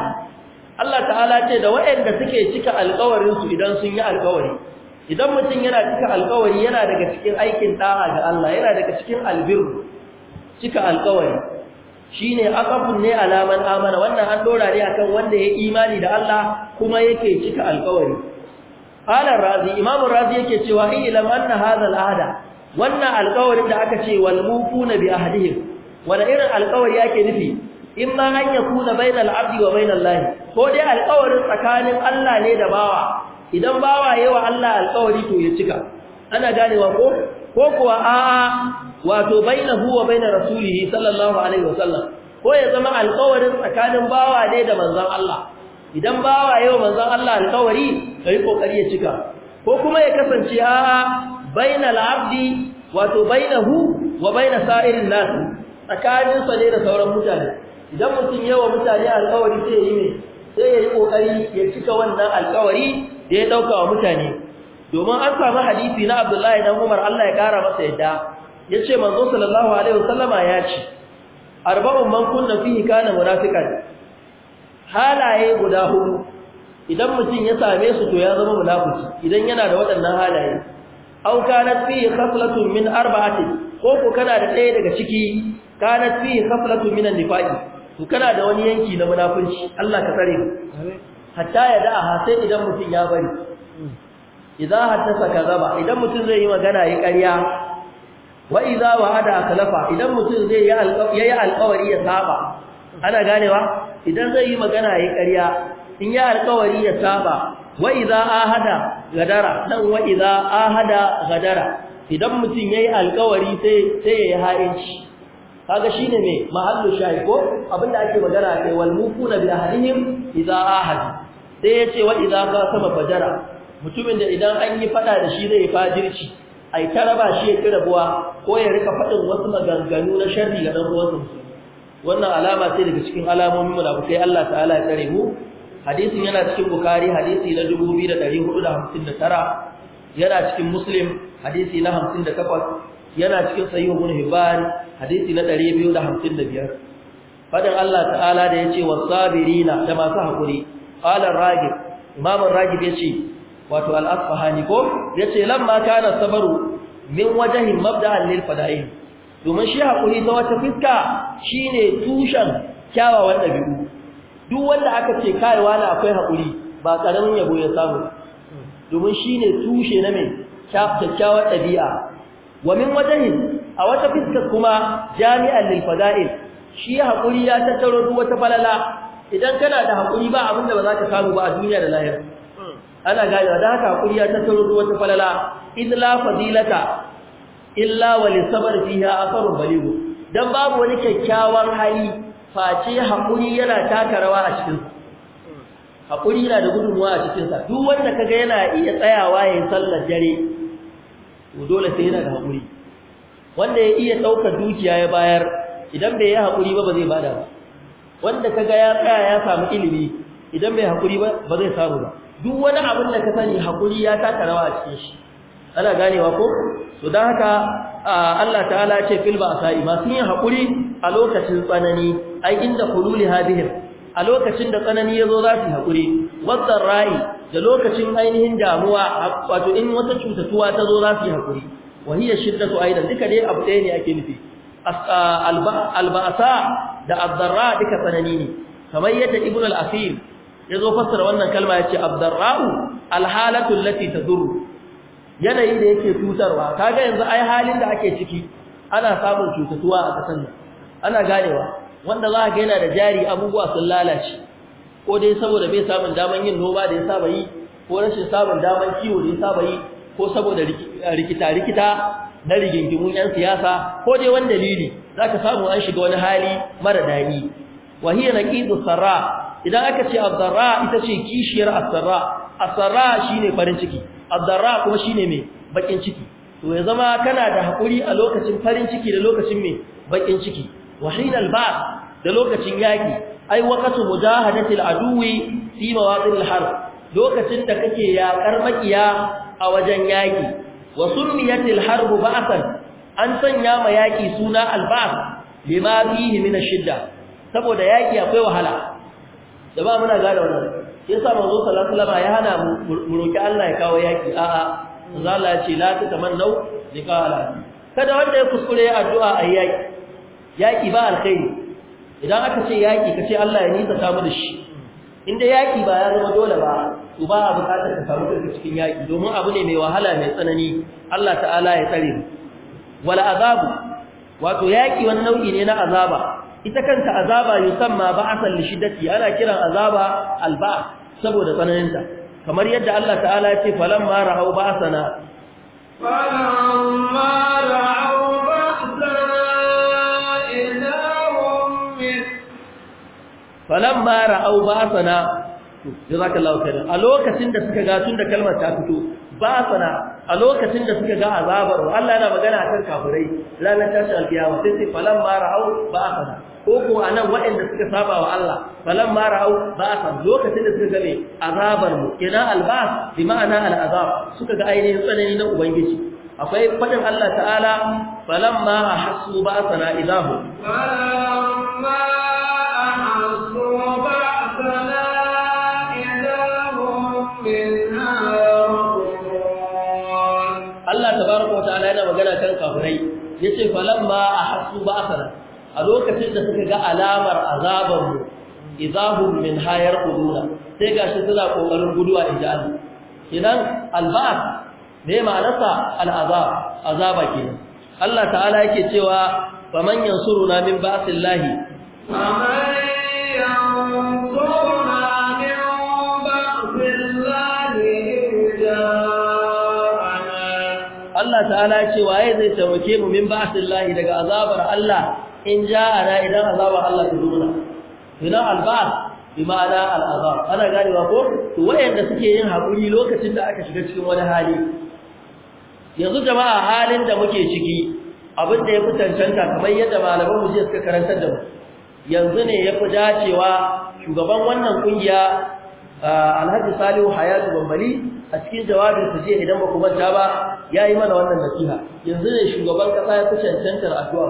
Allah ta'ala ce da waɗanda suke cika alƙawarin su idan sun yi alƙawari idan mutum yana cika alƙawari yana daga cikin aikin da'a ga Allah yana daga cikin albiru cika alƙawari shine aqafun ne alaman amana wannan an dora ne akan wanda ya imani da Allah kuma yake cika alƙawari qala razi imam razi yake cewa in lam anna hadha al-ahda wannan alƙawarin da aka ce wal mufuna bi ahdihim wala irin alƙawari yake nufi in ma an yakuna bainal abdi wa bainal lahi ko dai alƙawarin tsakanin Allah ne da bawa idan bawa yayi wa Allah alƙawari to ya cika ana ganewa ko ko kuwa a'a wato bainahu wa bainar rasulihi sallallahu alaihi wasallam ko ya zama alƙawarin tsakanin bawa ne da manzon Allah idan bawa yayi wa manzon Allah alƙawari sai kokari ya cika ko kuma ya kasance a bainal abdi wato hu, wa baina sa'irin nas tsakanin sa ne da sauran mutane idan mutum yawa mutane alƙawari sai yi ne sai yayi kokari ya cika wannan alƙawari da ya dauka wa mutane domin an samu hadisi na Abdullahi dan Umar Allah ya kara masa yadda yace manzo sallallahu alaihi wasallama ya ce arba'un man kunna fihi kana munafiqan halaye guda hudu idan mutum ya same su to ya zama munafiki idan yana da waɗannan halaye aw kanat fi khaflatun min arba'atin ko ko kana da ɗaya daga ciki kanat fi khaflatun min an-nifaqi to kana da wani yanki na munafunci Allah ka tsare mu hatta ya da'a sai idan mutum ya bari idan haddasa kazaba idan mutum zai yi magana yi ƙarya wa idza wa'ada khalafa idan mutum zai yi alƙawari ya saba ana ganewa idan zai yi magana yi ƙarya in ya alkawari ya saba wa idza ahada gadara dan wa idza ahada gadara idan mutum yayi alkawari sai sai yayi ha'inci kaga shine me mahallu shay ko abinda ake magana kai wal mufuna bi ahlihim idza ahad sai yace wa idza ka sama fajara mutumin da idan an yi fada da shi zai fajirci ai taraba shi ya kirabuwa ko ya rika fadin wasu maganganu na sharri ga dan ruwan wannan alama ce daga cikin alamomin mu da sai Allah ta'ala ya tsare mu hadisin yana cikin bukari hadisi na 2459 yana cikin muslim hadisi na 58 yana cikin sahih ibn hibban hadisi na 255 fadin Allah ta'ala da yace wasabirina da masu hakuri qala ragib imam ragib yace wato al-asfahani ko yace lamma kana sabaru min wajhin mabda'an lil fada'in domin shi hakuri ta wata fiska shine tushen kyawawan dabi'u duk wanda aka ce kai wani akwai hakuri ba karamin yabo ya samu domin shine tushe na mai kyakkyawar ɗabi'a wa min wajhin a wata fiskar kuma jami'an lil fada'il shi hakuri ya tattaro duk wata falala idan kana da hakuri ba abin da ba za ka samu ba a duniya da lahira ana gane da haka hakuri ya tattaro duk wata falala illa fadilata illa wa li fiha asarun baligh dan babu wani kyakkyawan hali face haƙuri yana taka rawa a cikinsa haƙuri yana da gudunmuwa a cikinsa duk wanda kaga yana iya tsayawa ya yi sallar dare to dole sai yana da haƙuri wanda ya iya ɗaukar dukiya ya bayar idan bai yi haƙuri ba ba zai bada ba wanda kaga ya tsaya ya samu ilimi idan bai haƙuri ba ba zai samu ba duk wani abin da ka sani haƙuri ya taka rawa a cikin shi ana ganewa ko to don haka Allah ta'ala ce fil ba sa'i masu yin haƙuri a lokacin tsanani ai inda hululi hadihim a lokacin da tsanani yazo za su hakuri wadda ra'i da lokacin ainihin damuwa wato in wata cutatuwa ta zo za su hakuri wa shiddatu aidan duka dai abu ɗaya ne ake nufi alba'asa da addarra duka tsanani ne kamar yadda ibn al-asir yazo fassara wannan kalma yace addarra'u alhalatu allati tadur yanayi da yake tutarwa kaga yanzu ai halin da ake ciki ana samun cutatuwa a kasan nan ana ganewa wanda za ka yana da jari abubuwa sun lalace ko dai saboda bai samun daman yin noma da ya saba yi ko rashin samun daman kiwo da ya saba yi ko saboda rikita rikita na rigingimun yan siyasa ko dai wani dalili za ka samu an shiga wani hali mara daɗi wa hiya naqidu sarra idan aka ce abdarra ita ce kishiyar asarra asarra shine farin ciki abdarra kuma shine me bakin ciki to ya zama kana da hakuri a lokacin farin ciki da lokacin mai bakin ciki wa hina da lokacin yaki ai waqtu mujahadati al-aduwi fi mawaqil harb lokacin da kake yakar makiya a wajen yaki wa sunniyati al-harb an sanya ma yaki suna al-ba'th lima fihi min ash-shidda saboda yaki akwai wahala da ba muna gane wannan yasa manzo sallallahu alaihi ya hana mu roki Allah ya kawo yaki a'a manzo Allah ya ce la tatamannu kada wanda ya kuskure addu'a ayyaki yaƙi ba alkhairi idan aka ce yaƙi ka ce Allah ya nisa samu da shi inda yaƙi ba ya zama dole ba to ba a buƙatar ka samu kanka cikin yaƙi domin abu ne mai wahala mai tsanani Allah ta'ala ya tsare mu wal azabu wato yaƙi wani nau'i ne na azaba ita kanta azaba yusamma ba'asan li shiddati ana kiran azaba alba'a saboda tsananinta kamar yadda Allah ta'ala ya ce falamma ra'au ba'sana falamma ra'au falamma ra'au ba'sana jazakallahu khairan a lokacin da suka ga tun da kalmar ta fito ba'sana a lokacin da suka ga azabar Allah yana magana akan kafirai ranar tashin alkiyama sai sai falamma ra'au ba'sana ko ko anan waɗanda suka saba wa Allah falamma ra'au ba'san lokacin da suka ga me azabar mu ina albas bi ma'ana al'azab suka ga ainihin tsanani na ubangiji akwai fadin Allah ta'ala falamma ahassu ba'sana ilahu falamma kafirai yace falamma ahassu ba'athana a lokacin da suka ga alamar azabanmu mu min hayar quduna sai gashi suna ƙoƙarin guduwa inda Allah kinan alba'ath me ma'anarsa al'azab azaba kenan Allah ta'ala yake cewa faman yansuruna min ba'athillahi faman yansuruna ta'ala ya ce waye zai taimake mu min ba'sillahi daga azabar Allah in ja'ana idan azabar Allah ta zo mana idan alba'th bi ma'ana al'azab ana wa ko to wayanda suke yin hakuri lokacin da aka shiga cikin wani hali yanzu jama'a halin da muke ciki abin da ya fi kamar yadda malaman mu suka karantar da mu yanzu ne ya fi dacewa shugaban wannan kungiya Alhaji Salihu Hayatu Bambali a cikin jawabin su je idan ba ku manta ba yayi mana wannan nasiha yanzu ne shugaban kasa ya fi cancantar addu'a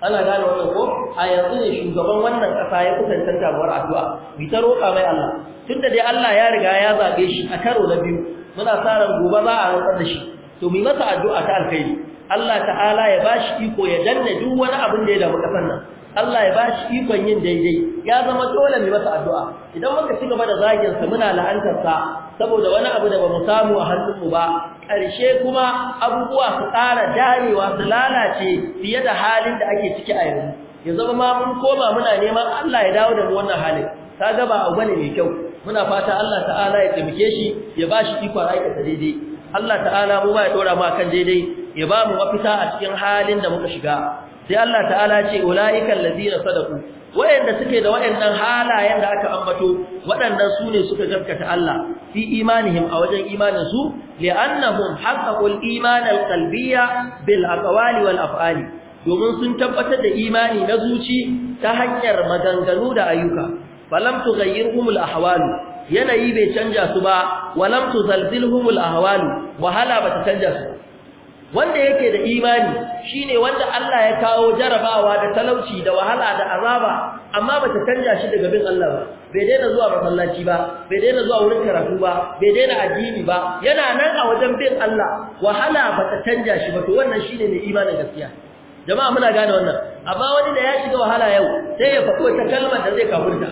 ana gane wannan ko a yanzu ne shugaban wannan kasa ya fi cancantar war addu'a bi ta roƙa mai Allah tunda dai Allah ya riga ya zabe shi a karo na biyu muna sa ran gobe za a rantsar da shi to mu masa addu'a ta alkhairi Allah ta'ala ya bashi iko ya danna duk wani abin da ya damu kasan nan Allah ya bashi ikon yin daidai ya zama dole mu masa addu'a idan muka ci gaba da zagin sa muna la'antar sa saboda wani abu da bamu samu a hannunmu ba ƙarshe kuma abubuwa su ƙara darewa su lalace fiye da halin da ake ciki a yanzu ya zama ma mun koma muna neman Allah ya dawo da mu wannan halin Ta gaba a gwani mai kyau muna fata Allah ta'ala ya taimake shi ya ba shi ikon aikata daidai Allah ta'ala mu ba ya dora mu a kan daidai ya ba mu mafita a cikin halin da muka shiga sai Allah ta'ala ce ulaiikal ladina sadaqu wayanda suke da wayannan halayen da aka ambato waɗannan su ne suka gaskata Allah fi imanihim a wajen imanin su li'annahum haqqul iman al-qalbiyya bil aqwali wal af'ali domin sun tabbatar da imani na zuci ta hanyar maganganu da ayyuka falam tughayyirhum al-ahwal yanayi bai canja su ba walam tuzalzilhum al-ahwal wahala bata canja su wanda yake da imani shine wanda Allah ya kawo jarabawa da talauci da wahala da azaba amma bata canja shi daga bin Allah ba bai daina zuwa masallaci ba bai daina zuwa wurin karatu ba bai daina addini ba yana nan a wajen bin Allah wahala bata canja shi ba to wannan shine mai imanin gaskiya jama'a muna gane wannan amma wani da ya shiga wahala yau sai ya faɗo ta kalmar da zai kafurta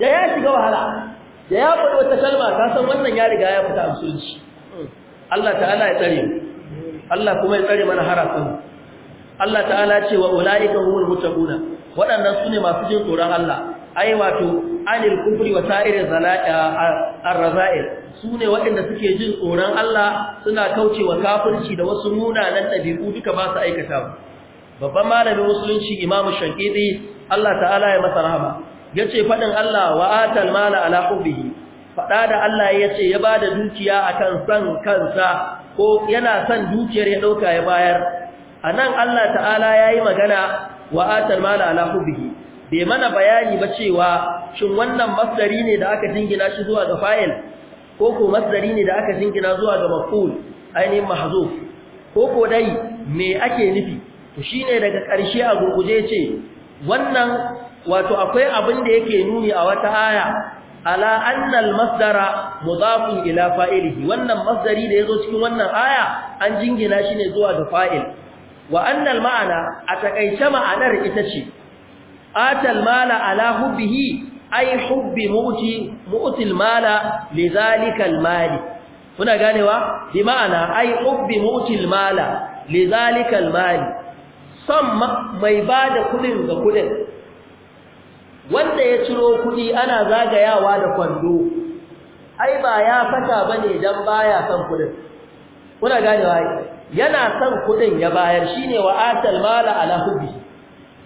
da ya shiga wahala da ya faɗo ta kalma ka san wannan ya riga ya fita musulunci Allah ta'ala ya tsare Allah kuma ya tsare mana harafin Allah ta'ala ce wa ulaika humul muttaquna waɗannan sune masu jin tsoron Allah ai wato anil kufri wa sa'irin ar-raza'il sune waɗanda suke jin tsoron Allah suna kaucewa kafirci da wasu munanan ɗabi'u duka ba su aikata babban malamin musulunci Imam Shankidi Allah ta'ala ya masa rahama yace faɗin Allah wa atal mala ala hubbihi faɗa da Allah ya ce ya ba da dukiya akan son kansa ko yana son dukiyar ya ɗauka ya bayar a nan Allah ta'ala ya yi magana wa atar mala bai mana bayani ba cewa shin wannan masdari ne da aka jingina shi zuwa ga fa'il ko ko masdari ne da aka jingina zuwa ga maf'ul ainihin mahazo ko ko dai me ake nufi to shine daga ƙarshe a gurguje ce wannan wato akwai abin da yake nuni a wata aya ala anna al-masdara mudafun ila fa'ilihi wannan masdari da yazo cikin wannan aya an jingina shi ne zuwa da fa'il wa maana a takaice ma'anar ita ce atal mala ala hubbihi ay hubbi mu'ti mu'ti mala lidhalika al-mali kuna ganewa bi ma'ana ay hubbi mutil mala lidhalika al-mali samma mai bada kudin ga kudin wanda ya ciro kuɗi ana zagayawa da kwando ai ba ya fata bane dan baya son kuɗin kuna gane wai yana son kuɗin ya bayar shine wa atal mala ala hubbi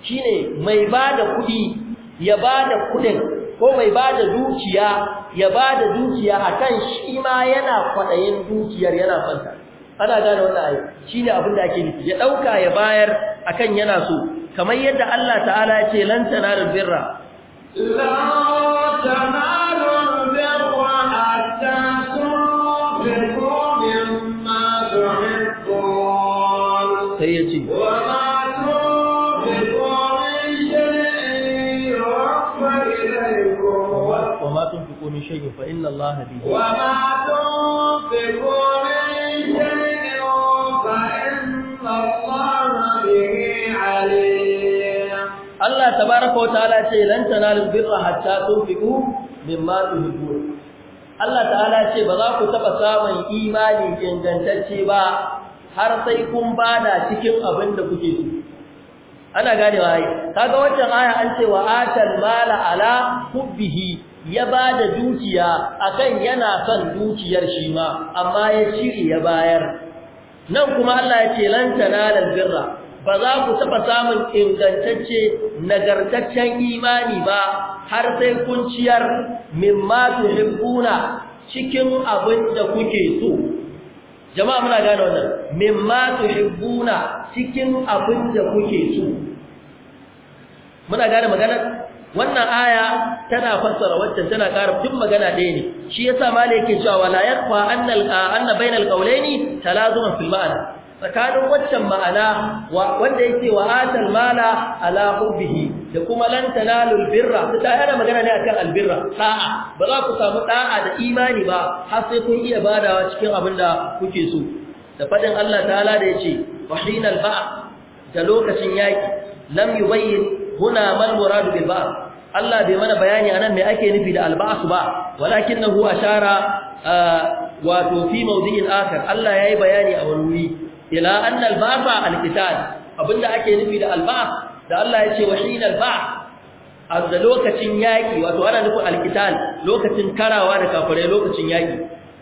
shine mai bada kuɗi ya bada kuɗin ko mai bada dukiya ya bada dukiya akan shi ma yana kwadayin dukiyar yana fanta ana gane wannan ai shine abin da ake nufi ya dauka ya bayar akan yana so kamar yadda Allah ta'ala ya ce lan tanarul birra sai ya ce وما تنفقوا من شيء فإن الله به وما تنفقوا Allah tabaraka wa ta'ala ce lan tanalul birra hatta tunfiqu mimma tuhibbun Allah ta'ala ce ba za ku taba samun imani ingantacce ba har sai kun bada cikin abin da kuke so ana gane wai kaga wannan aya an ce wa atal mala ala hubbihi ya ba da dukiya akan yana son dukiyar shi ma amma ya shiri ya bayar nan kuma Allah ya ce lan tanalul birra ba za ku taɓa samun ingantacce nagartaccen imani ba har sai kun ciyar mimma tuhibbuna cikin abin da kuke so jama'a muna gane wannan mimma tuhibbuna cikin abin da kuke so muna gane magana wannan aya tana fassara wacce tana ƙara duk magana ɗaya ne shi yasa malaka yake cewa wala yaqwa annal anna bainal qawlaini talazuman fil ma'ana tsakanin waccan ma'ana wanda yake wa atal mala ala hubbihi da kuma lan tanalul birra ta yana magana ne akan albirra A'a ba za ku samu da'a da imani ba har sai kun iya badawa cikin abin da kuke so da fadin Allah ta'ala da yace fahinal ba da lokacin yaki lam yubayyin huna mal muradu bil ba Allah bai mana bayani anan me ake nufi da alba'su ba walakinahu ashara ah, wato fi mawdi'in akhar Allah yayi bayani a wani wuri ila anna al-ba'fa al-qital abinda ake nufi da al-ba' da Allah ya ce wahin al-ba' a da lokacin yaki wato ana nufin al-qital lokacin karawa da kafirai lokacin yaki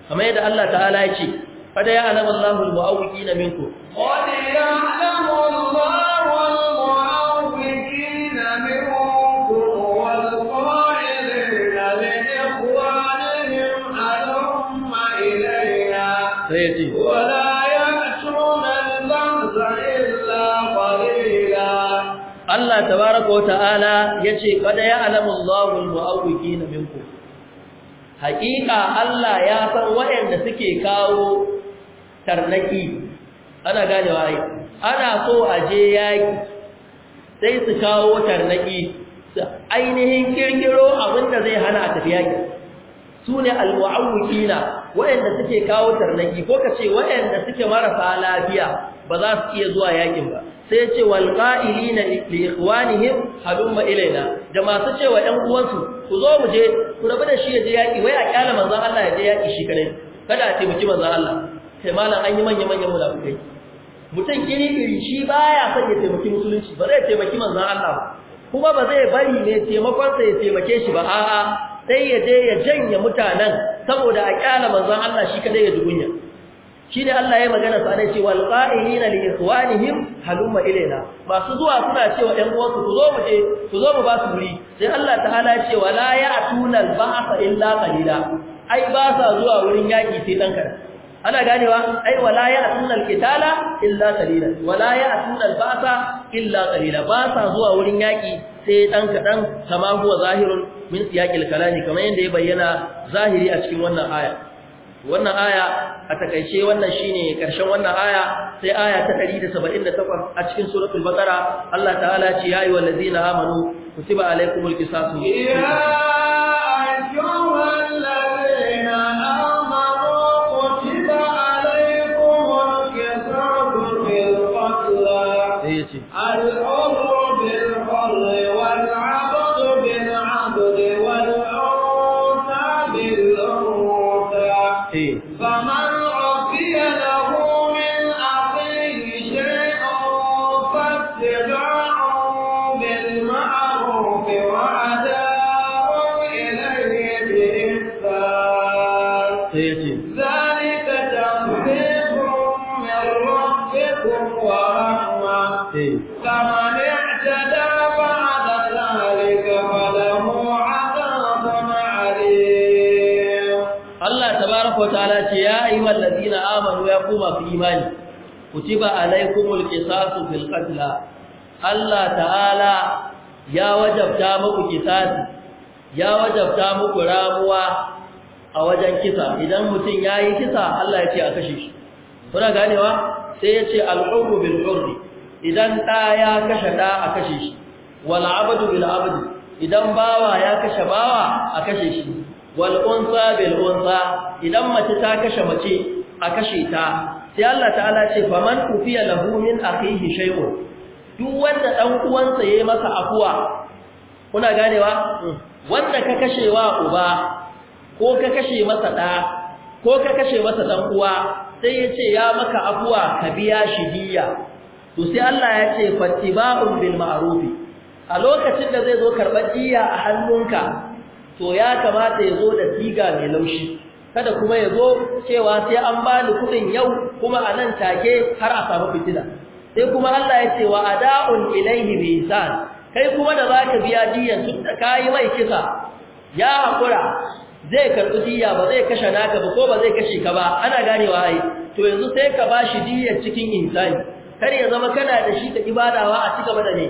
kamar yadda Allah ta'ala ya ce fada ya alama Allahu al-mu'awwiqina minkum Allahu al Allah tabaraka wa ta'ala yace qad ya'lamu Allahu al-mu'awwiqina minkum haqiqa Allah ya san wayanda suke kawo tarnaki ana ganewa ai ana so a je yaki sai su kawo tarnaki ainihin kirkiro abinda zai hana tafi yaki sune al-mu'awwiqina wayanda suke kawo tarnaki ko kace wayanda suke marasa lafiya ba za su iya zuwa yakin ba sai ce wal qa'ilina li ikhwanihim halumma ilaina da masu cewa ɗan uwansu ku zo mu je ku rabu da shi ya je yaki wai a kyala manzo Allah ya je yaki shi kadai kada a taimaki manzo Allah sai malam an yi manya manyan munafikai mutum kiri iri shi baya son ya taimaki musulunci ba zai taimaki manzo Allah ba kuma ba zai bari taimakon sa ya taimake shi ba a'a sai ya je ya janye mutanen saboda a kyala manzo Allah shi kadai ya dubunya shi ne Allah ya yi magana su ana ce wal qa'ilina li ikhwanihim halumma ilaina masu zuwa suna cewa 'yan uwansu ku zo mu ce, ku zo mu ba su wuri sai Allah ta'ala ce wala ya'tuna al ba'sa illa qalila ai ba sa zuwa wurin yaƙi sai dan kadan ana ganewa ai wala a tunan qitala illa qalila wala ya'tuna al ba'sa illa qalila ba sa zuwa wurin yaƙi sai dan kaɗan. kama huwa zahirun min siyaqil kalami kamar yadda ya bayyana zahiri a cikin wannan aya wannan aya a takaice wannan shine karshen wannan aya sai aya ta 178 a cikin suratul baqara Allah ta'ala ya ce ya ayyuhallazina amanu kutiba alaykumul qisasu ya ayyuhal ku masu imani ba alaikumul qisasu fil qatl Allah ta'ala ya wajabta muku qisasi ya wajabta muku rabuwa a wajen kisa idan mutum yayi kisa Allah ya ce a kashe shi kuna ganewa sai ya ce al-hurru bil hurri idan da ya kashe da a kashe shi wal abdu bil abdi idan bawa ya kashe bawa a kashe shi wal unsa bil unsa idan mace ta kashe mace a kashe ta sai Allah ta'ala ce faman ufiya lahu min akhihi shay'un duk wanda dan uwansa yayi masa afuwa kuna ganewa wanda ka kashewa uba ko ka kashe masa da ko ka kashe masa dan uwa sai yace ya maka afuwa ka biya shi diya to sai Allah ya ce fattiba'un bil ma'ruf a lokacin da zai zo karɓar diya a hannunka to ya kamata ya zo da siga mai laushi kada kuma ya zo cewa sai an bani kuɗin yau kuma a nan take har a samu fitila. sai kuma Allah ya ce wa ada'un ilaihi bisan kai kuma da zaka biya diya duk da kai mai kisa ya hakura zai karɓi diyya ba zai kashe naka ba ko ba zai kashe ka ba ana ganewa ai to yanzu sai ka bashi diya cikin insani kar ya zama kana da shi ta ibadawa a cigaba da ne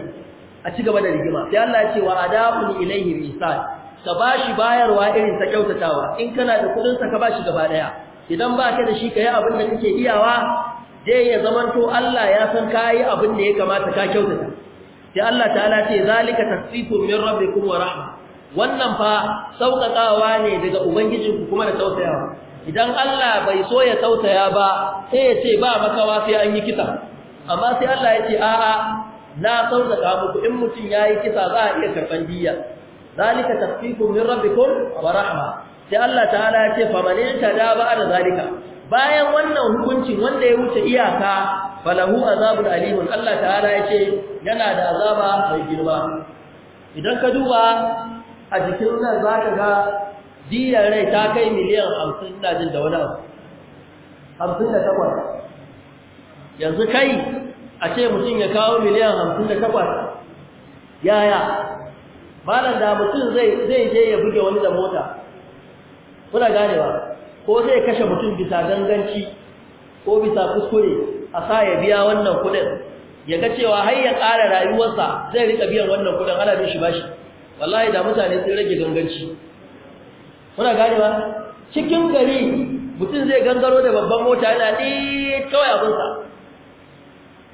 a cigaba da rigima sai Allah ya ce wa ada'un ilaihi bisan ka bashi bayarwa irin ta kyautatawa in kana da kudin sa ka bashi gaba daya idan ba ka da shi ka yi abin da kake iyawa dai ya zamanto Allah ya san ka abin da ya kamata ka kyautata sai Allah ta'ala ce zalika tasfifu min rabbikum wa rahma wannan fa sauƙaƙawa ne daga ku kuma da tausayawa idan Allah bai so ya tausaya ba sai ya ce ba makawa sai an yi kisa amma sai Allah ya ce a'a na tausaka muku in mutum yayi kisa za a iya karban diyya zalika tasfiku min rabbikum wa rahma sai Allah ta'ala ya ce faman da ba'da zalika bayan wannan hukuncin wanda ya wuce iyaka falahu azabun alimun Allah ta'ala ya ce yana da azaba mai girma idan ka duba a jikin nan zaka ga diyar rai ta kai miliyan 50 ina jin da wani abu 58 yanzu kai a ce mutum ya kawo miliyan 58 yaya malam da mutum zai zai je ya buge wani da mota kuna ganewa ko zai kashe mutum bisa ganganci ko bisa kuskure a sa ya biya wannan kuɗin ya ga cewa har ya ƙara rayuwarsa zai rika biyan wannan kuɗin ana bin shi bashi wallahi da mutane sun rage ganganci kuna ganewa cikin gari mutum zai gangaro da babban mota yana ɗi kawai abinsa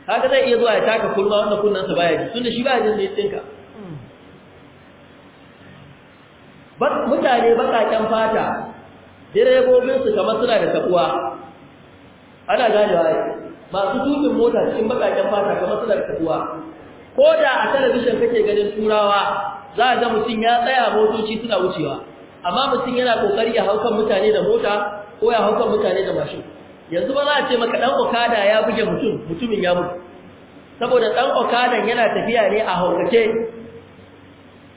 haka zai iya zuwa ya taka kurma wannan kunnansa baya ji tunda shi baya jin ne tsinka mutane bakaken fata direbobin su kamar suna da takuwa ana gane ai masu tukin mota cikin bakakken fata kamar suna da takuwa ko da a talabijin kake ganin turawa za a ga mutum ya tsaya motoci suna wucewa amma mutum yana kokari ya haukan mutane da mota ko ya haukan mutane da mashin yanzu ba za a ce maka dan okada ya buge mutum mutumin ya mutu saboda dan okadan yana tafiya ne a haukace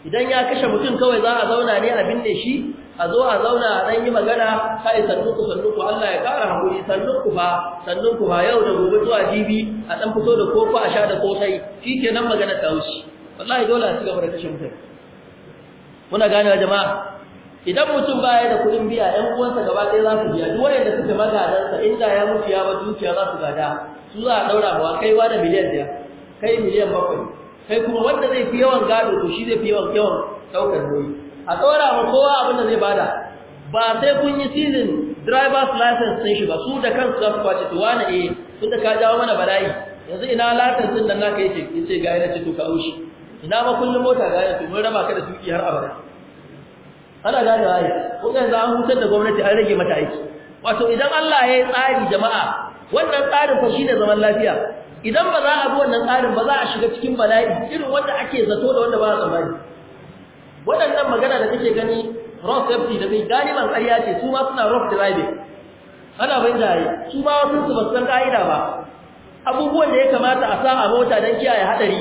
idan ya kashe mutum kawai za a zauna ne a binne shi a zo a zauna a dan yi magana kai sannunku sannunku Allah ya ƙara hakuri sannu ba fa ba yau da gobe zuwa jibi a ɗan fito da koko a sha da kosai nan magana ta wuce wallahi dole a cigaba da kashe mutum muna ganewa jama'a idan mutum baya da kuɗin biya ƴan uwansa gaba ɗaya za su biya duk wayanda suke magadansa inda ya mutu ya bar dukiya za su gada su za a ɗaura wa kaiwa da miliyan ɗaya kai miliyan bakwai kai kuma wanda zai fi yawan gado to shi zai fi yawan yawan daukar nauyi a tsora ma kowa abin da zai bada ba sai kun yi season driver's license sun shi ba su da kansu za su kwace to wane eh tunda ka jawo mana bala'i yanzu ina license din nan naka yace yace ga yana ce to ka aushi ina ma kullum mota ga yana to mun raba ka da tuki har abada ana gane wai ko yanzu an hutar da gwamnati an rage mata aiki wato idan Allah ya yi tsari jama'a wannan tsarin fa shine zaman lafiya idan ba za a bi wannan tsarin ba za a shiga cikin bala'i irin wanda ake zato da wanda ba a tsammani waɗannan magana da kake gani rough safety da mai galiban ƙarya ce su ma suna rough driving ana bin da su ma wasu su basu san ka'ida ba abubuwan da ya kamata a sa a mota don kiyaye haɗari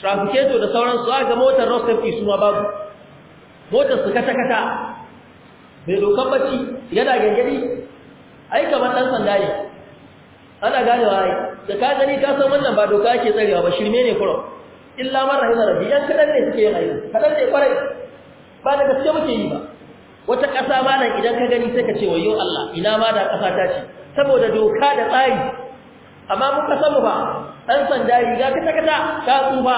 trafiketo da sauransu su ga motar rough safety su ma babu motar su kata-kata mai dokan bacci yana gangari ai kamar ɗan sanda ne ana ganewa ai da ka gani ka san wannan ba doka yake tsarewa ba shirme ne kurum illa man rahima rabbi yan kadan ne suke yin kadan ne kwarai ba da gaske muke yi ba wata kasa ma nan idan ka gani sai ka ce wayo Allah ina ma da kasa ta ce saboda doka da tsari amma mun kasan mu ba ɗan sanda riga kata kata ka tsufa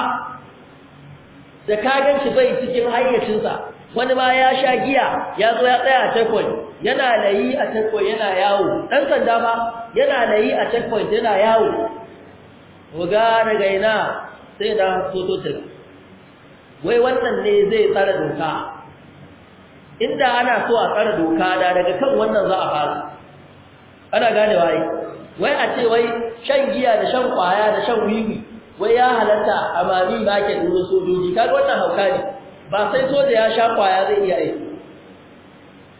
da ka gan shi bai cikin hayyacinsa wani ma ya sha giya ya zo ya tsaya a checkpoint yana layi a checkpoint yana yawo dan sanda ba yana layi a checkpoint yana yawo waga daga ina sai da toto tira wai wannan ne zai tsara doka inda ana so a tsara doka da daga kan wannan za a fara ana gane wai wai a ce wai shan giya da shan kwaya da shan wiwi wai ya halatta a ba ke ɗin sojoji kaga wannan hauka ne ba sai da ya sha kwaya zai iya aiki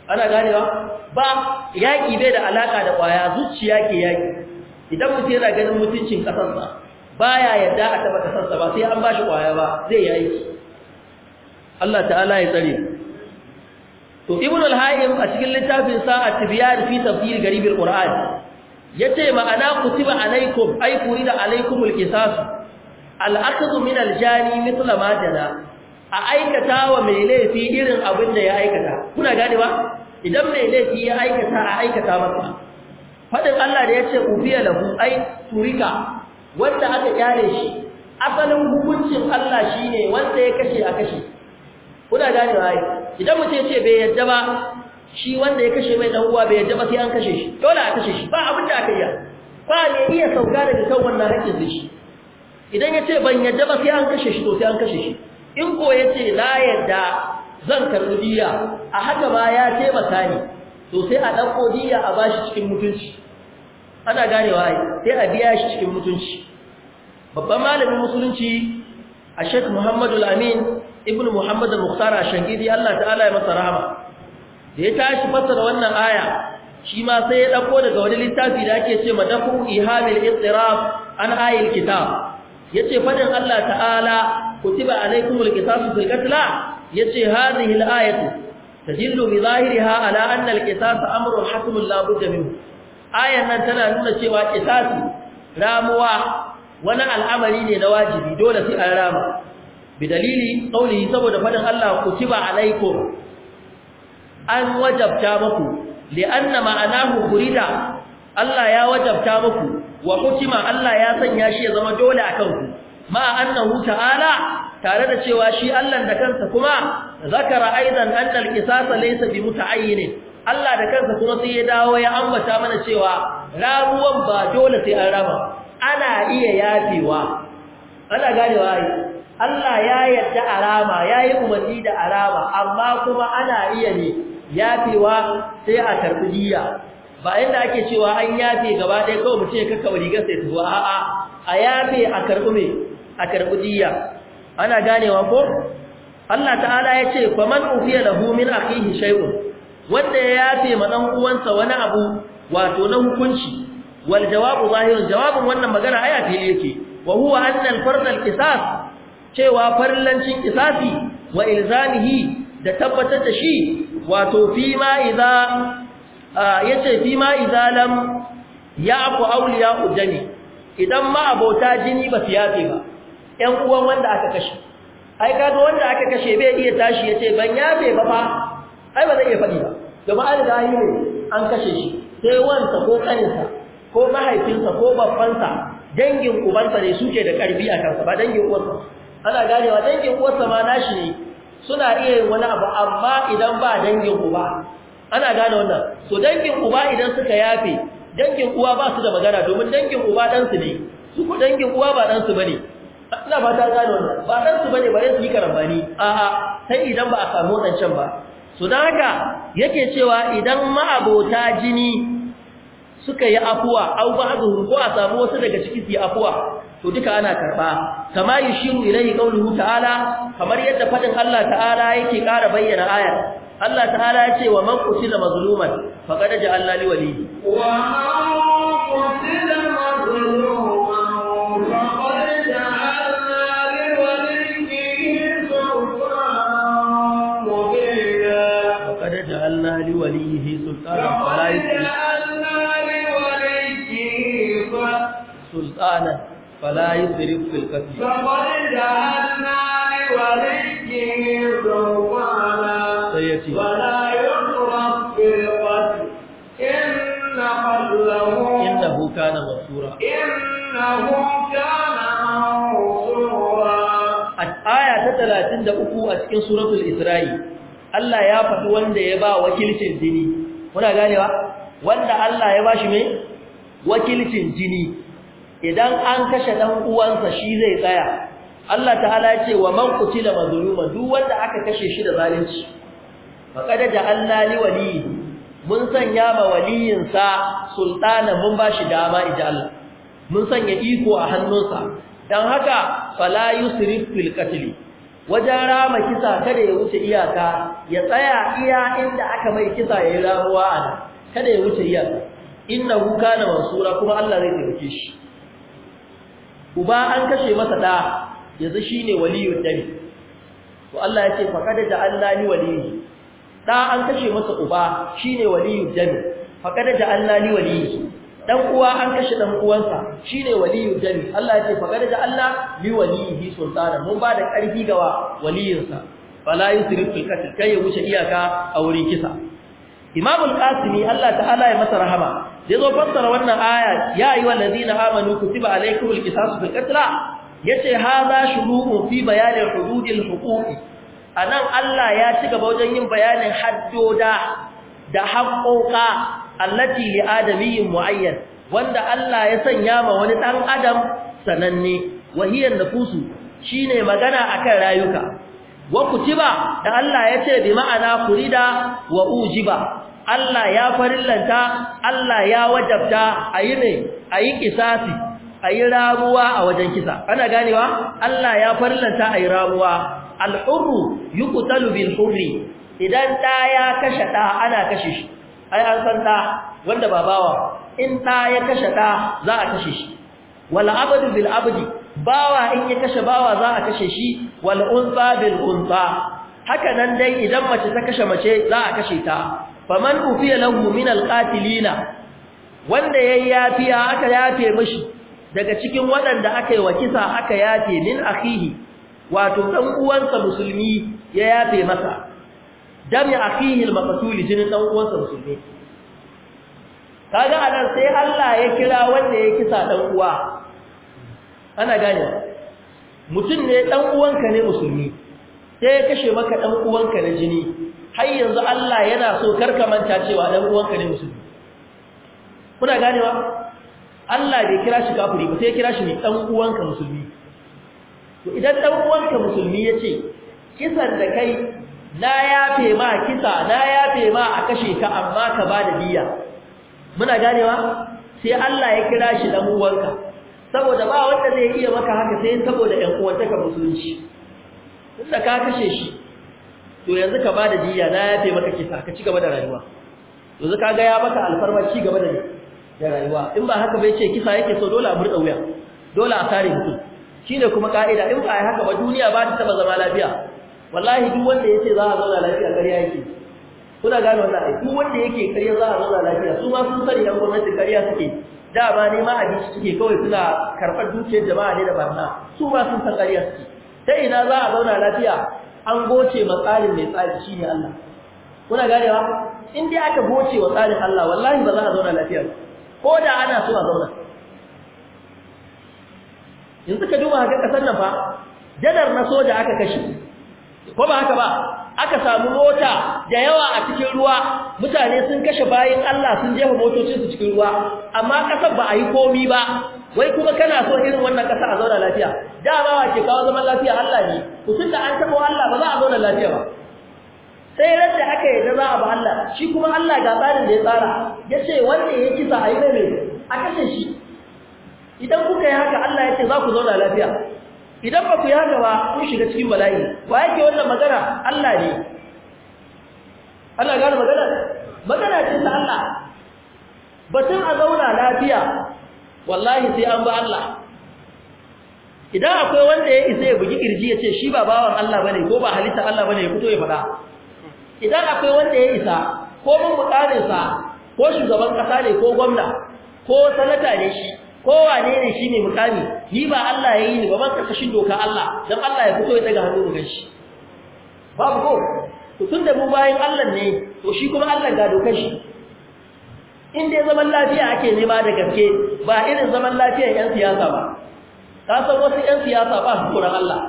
ana ganewa ba yaƙi bai da alaƙa da ƙwaya zuciya ke yaƙi idan mutum yana ganin mutuncin ƙasarsa baya yadda a taɓa ƙasarsa ba sai an bashi ƙwaya ba zai yaƙi Allah ta'ala ya tsare to ibn al-haim a cikin littafin sa at-tibyan fi tafsir garib al-qur'an yace ma'ana kutiba alaikum ay kurida alaikum al-qisas al-akhdh min al-jani mithla ma jana a aikata wa mai laifi irin abin da ya aikata kuna gane ba? idan mai laifi ya aikata a aikata masa fadin Allah da yace ubiya lahu ai turika wanda aka kyale shi asalin hukuncin Allah shine wanda ya kashe a kashe kuna gane wai idan mutum yace bai yadda ba shi wanda ya kashe mai dan uwa bai yadda ba sai an kashe shi dole a kashe shi ba abin da aka yi ba ne iya sauka daga kan wannan rakin da shi idan yace ban yadda ba sai an kashe shi to sai an kashe shi in ko yace la yadda zan karɓi diya a haka ba ya taimaka ni to sai a ɗauko diya a bashi cikin mutunci ana ganewa ai sai a biya shi cikin mutunci babban malamin musulunci a Sheikh Muhammadu Al-Amin ibn Muhammad Al-Mukhtar Ashangidi Allah ta'ala ya masa rahama da ya tashi fassara wannan aya shi ma sai ya dauko daga wani littafi da ake ma dafu ihamil ittiraf an ayil kitab yace fadin Allah ta'ala kutiba alaykumul qisasu fil qatla yace hadhihi al-ayatu tadillu bi zahiriha ala anna al-qisas amrun hasmun la budda minhu ayan nan tana nuna cewa qisasi ramuwa wani al'amari ne na wajibi dole sai an rama bi dalili qawlihi saboda fadin Allah kutiba alaikum an wajabta muku li'anna ma'anahu qurida Allah ya wajabta muku wa hukima Allah ya sanya shi ya zama dole akan ku ma annahu ta'ala tare da cewa shi Allah da kansa kuma zakara aidan annal qisasa laysa bi muta'ayyin Allah da kansa kuma sai ya dawo ya ambata mana cewa rabuwan ba dole sai an raba ana iya yafewa ana ganewa ai Allah ya yarda arama yayi umarni da arama amma kuma ana iya ne yafewa sai a tarbiya ba inda ake cewa an yafe gaba ɗaya kawai mutum ya kakkawa rigar sai tuwa a'a a yafe a karɓi me a karɓi diyya ana ganewa ko Allah ta'ala ya ce faman ufiya lahu min akhihi shay'un wanda ya yafe ma uwansa wani abu wato na hukunci wal jawabu zahirun jawabin wannan magana aya ta yake wa huwa anna al fard al qisas cewa farlancin qisasi wa ilzamihi da tabbatar da shi wato fi ma idza yace fi ma idza lam ya'fu awliya ujani idan ma abota jini ba su yafe ba Yan uwan wanda aka kashe ai kaga wanda aka kashe bai iya tashi ya ce ban yafe ba fa ai ba zai iya faɗi ba domin an riga yi an kashe shi sai wansa ko ƙaninsa, ko mahaifinsa ko babbansa dangin ubansa ne suke da ƙarfi a kansa ba dangin uwansa, ana ganewa dangin uwarsa ma nashi ne suna iya yin wani abu amma idan ba dangin uba ana gane wannan so dangin uba idan suka yafe dangin uwa ba su da magana domin dangin uba ɗansu ne su ku dangin uwa ba ɗansu ba ne ina ba ta gano wannan ba dan su bane bare su yi karambani a'a sai idan ba a samu wadancan ba so dan haka yake cewa idan ma'abota jini suka yi afuwa au ba'dhum ko a samu wasu daga ciki su yi afuwa to duka ana karba kama yushiru ilayhi qawluhu ta'ala kamar yadda fadin Allah ta'ala yake ƙara bayyana ayar Allah ta'ala ya ce wa man qutila mazluman faqad ja'alna li waliyyi wa man qutila mazluman ranar fala yi siriful kafi. Sabari da hannu ne wa likin rukwana, sai ya ce, Fala yi rukwana fi inna fallahu, inna huka na masura, inna huka na masura. A aya ta talatin da uku a cikin suratul Isra'i, Allah ya faɗi wanda ya ba wakilcin jini, muna ganewa, wanda Allah ya ba shi mai wakilcin jini. idan an kashe dan uwansa shi zai tsaya Allah ta'ala ya ce wa man qutila mazluma duk wanda aka kashe shi da zalunci faqad ja'alna li waliyi mun sanya ma waliyin sa sultana mun ba shi dama ija Allah mun sanya iko a hannunsa dan haka fala yusrif fil qatl wajen rama kisa kada ya wuce iyaka ya tsaya iya inda aka mai kisa yayin ramuwa kada ya wuce iyaka innahu kana mansura kuma Allah zai tafi shi uba an kashe masa da yanzu shine waliyul dabi to Allah ya ce faqad ja'alna li waliyyi da an kashe masa uba shine waliyul dabi faqad ja'alna li waliyyi dan uwa an kashe dan uwansa shine waliyul dami Allah ya ce faqad Allah li walihi sultana mun ba da karfi ga waliyinsa fala yusrifu qatl kai ya wuce iyaka a wurin kisa Imam al-Qasimi Allah ta'ala ya masa rahama ya zo fassara wannan aya ya yiwa ladina amanu kutiba alaykumul qisasu fil qatl yace hadha shuruhun fi bayanin hududil huquqi anan Allah ya ci gaba wajen yin bayanin haddoda da haƙoƙa allati li adamiyyin muayyan wanda Allah ya sanya ma wani dan adam sananne wahiyan nafusu shine magana akan rayuka wa kutiba da Allah ya ce bi ma'ana furida wa ujiba Allah ya farillanta Allah ya wajabta ayi ne ayi kisasi ayi rabuwa a wajen kisa ana ganewa Allah ya farillanta ayi rabuwa al-hurru yuqtalu bil hurri idan da ya kashe da ana kashe shi ai an san da wanda babawa. in da ya kashe da za a kashe shi wal abdu bil abdi bawa in ya kashe bawa za a kashe shi wal unsa bil unsa haka nan dai idan mace ta kashe mace za a kashe ta faman ufiya lahu min alqatilina wanda yayi yafiya aka yafe mishi daga cikin waɗanda aka yi wa kisa aka yafe min akhihi wato dan uwansa musulmi ya yafe masa dami akhihi almaqtul jin dan uwansa musulmi kaga anan sai Allah ya kira wanda ya kisa dan uwa ana gane mutum ne dan uwanka ne musulmi sai ya kashe maka dan uwanka na jini har yanzu Allah yana so karka manta cewa dan uwanka ne musulmi kuna ganewa Allah bai kira shi kafiri ba sai ya kira shi ne dan uwanka musulmi to idan dan uwanka musulmi yace kisan da kai na yafe ma kisa na yafe ma a kashe ka amma ka bada da diya muna ganewa sai Allah ya kira shi dan uwanka saboda ba wanda zai iya maka haka sai saboda ɗan uwantaka musulunci tunda ka kashe shi to yanzu ka bada diya na yafe maka kisa ka ci gaba da rayuwa yanzu ka ga ya maka alfarma ci gaba da da rayuwa in ba haka bai ce kisa yake so dole a burda wuya dole a sare mutum shine kuma ka'ida in ba haka ba duniya ba ta taba zama lafiya wallahi duk wanda yace za a zauna lafiya ƙarya yake kuna gane wannan ai duk wanda yake ƙarya za a zauna lafiya su ma sun sani yan gwamnati ƙarya suke ba ne ma abinci suke kawai suna karɓar dukiyar jama'a ne da barna su ma sun san ƙarya suke ta ina za a zauna lafiya an goce ma tsarin mai tsari ne Allah kuna ganewa in dai aka goce wa tsarin Allah wallahi ba za a zauna lafiya ko da ana so a zauna yanzu ka duba haka kasar nan fa janar na soja aka kashe ko ba haka ba aka samu mota da yawa a cikin ruwa mutane sun kashe bayin Allah sun jefa motocin su cikin ruwa amma kasar ba a yi komi ba wai kuma kana so irin wannan kasa a zauna lafiya Da dama ke kawo zaman lafiya Allah ne mutum da an taɓa Allah ba za a zauna lafiya ba sai ran da aka yarda za a ba Allah shi kuma Allah ga tsarin da ya tsara ya ce wanda ya kisa a yi mai a kashe shi idan kuka yi haka Allah ya ce za ku zauna lafiya idan ba ku yi haka ba kun shiga cikin bala'i wa yake wannan magana Allah ne Allah gane magana magana ce ta Allah batun a zauna lafiya wallahi sai an ba Allah idan akwai wanda ya isa ya bugi kirji ya ce shi ba bawan Allah bane ko ba halitta Allah bane ya fito ya faɗa idan akwai wanda ya isa ko mun sa ko shugaban kasa ne ko gwamna ko sanata ne shi ko wane ne shi ne mukami ni ba Allah ya yi ni ba ban karkashin doka Allah dan Allah ya fito ya daga hannu ga shi babu ko to tunda mu bayan Allah ne to shi kuma Allah ga dokar shi in dai zaman lafiya ake nema da gaske ba irin zaman lafiyar yan siyasa ba ka san wasu ƴan siyasa ba su tsoron Allah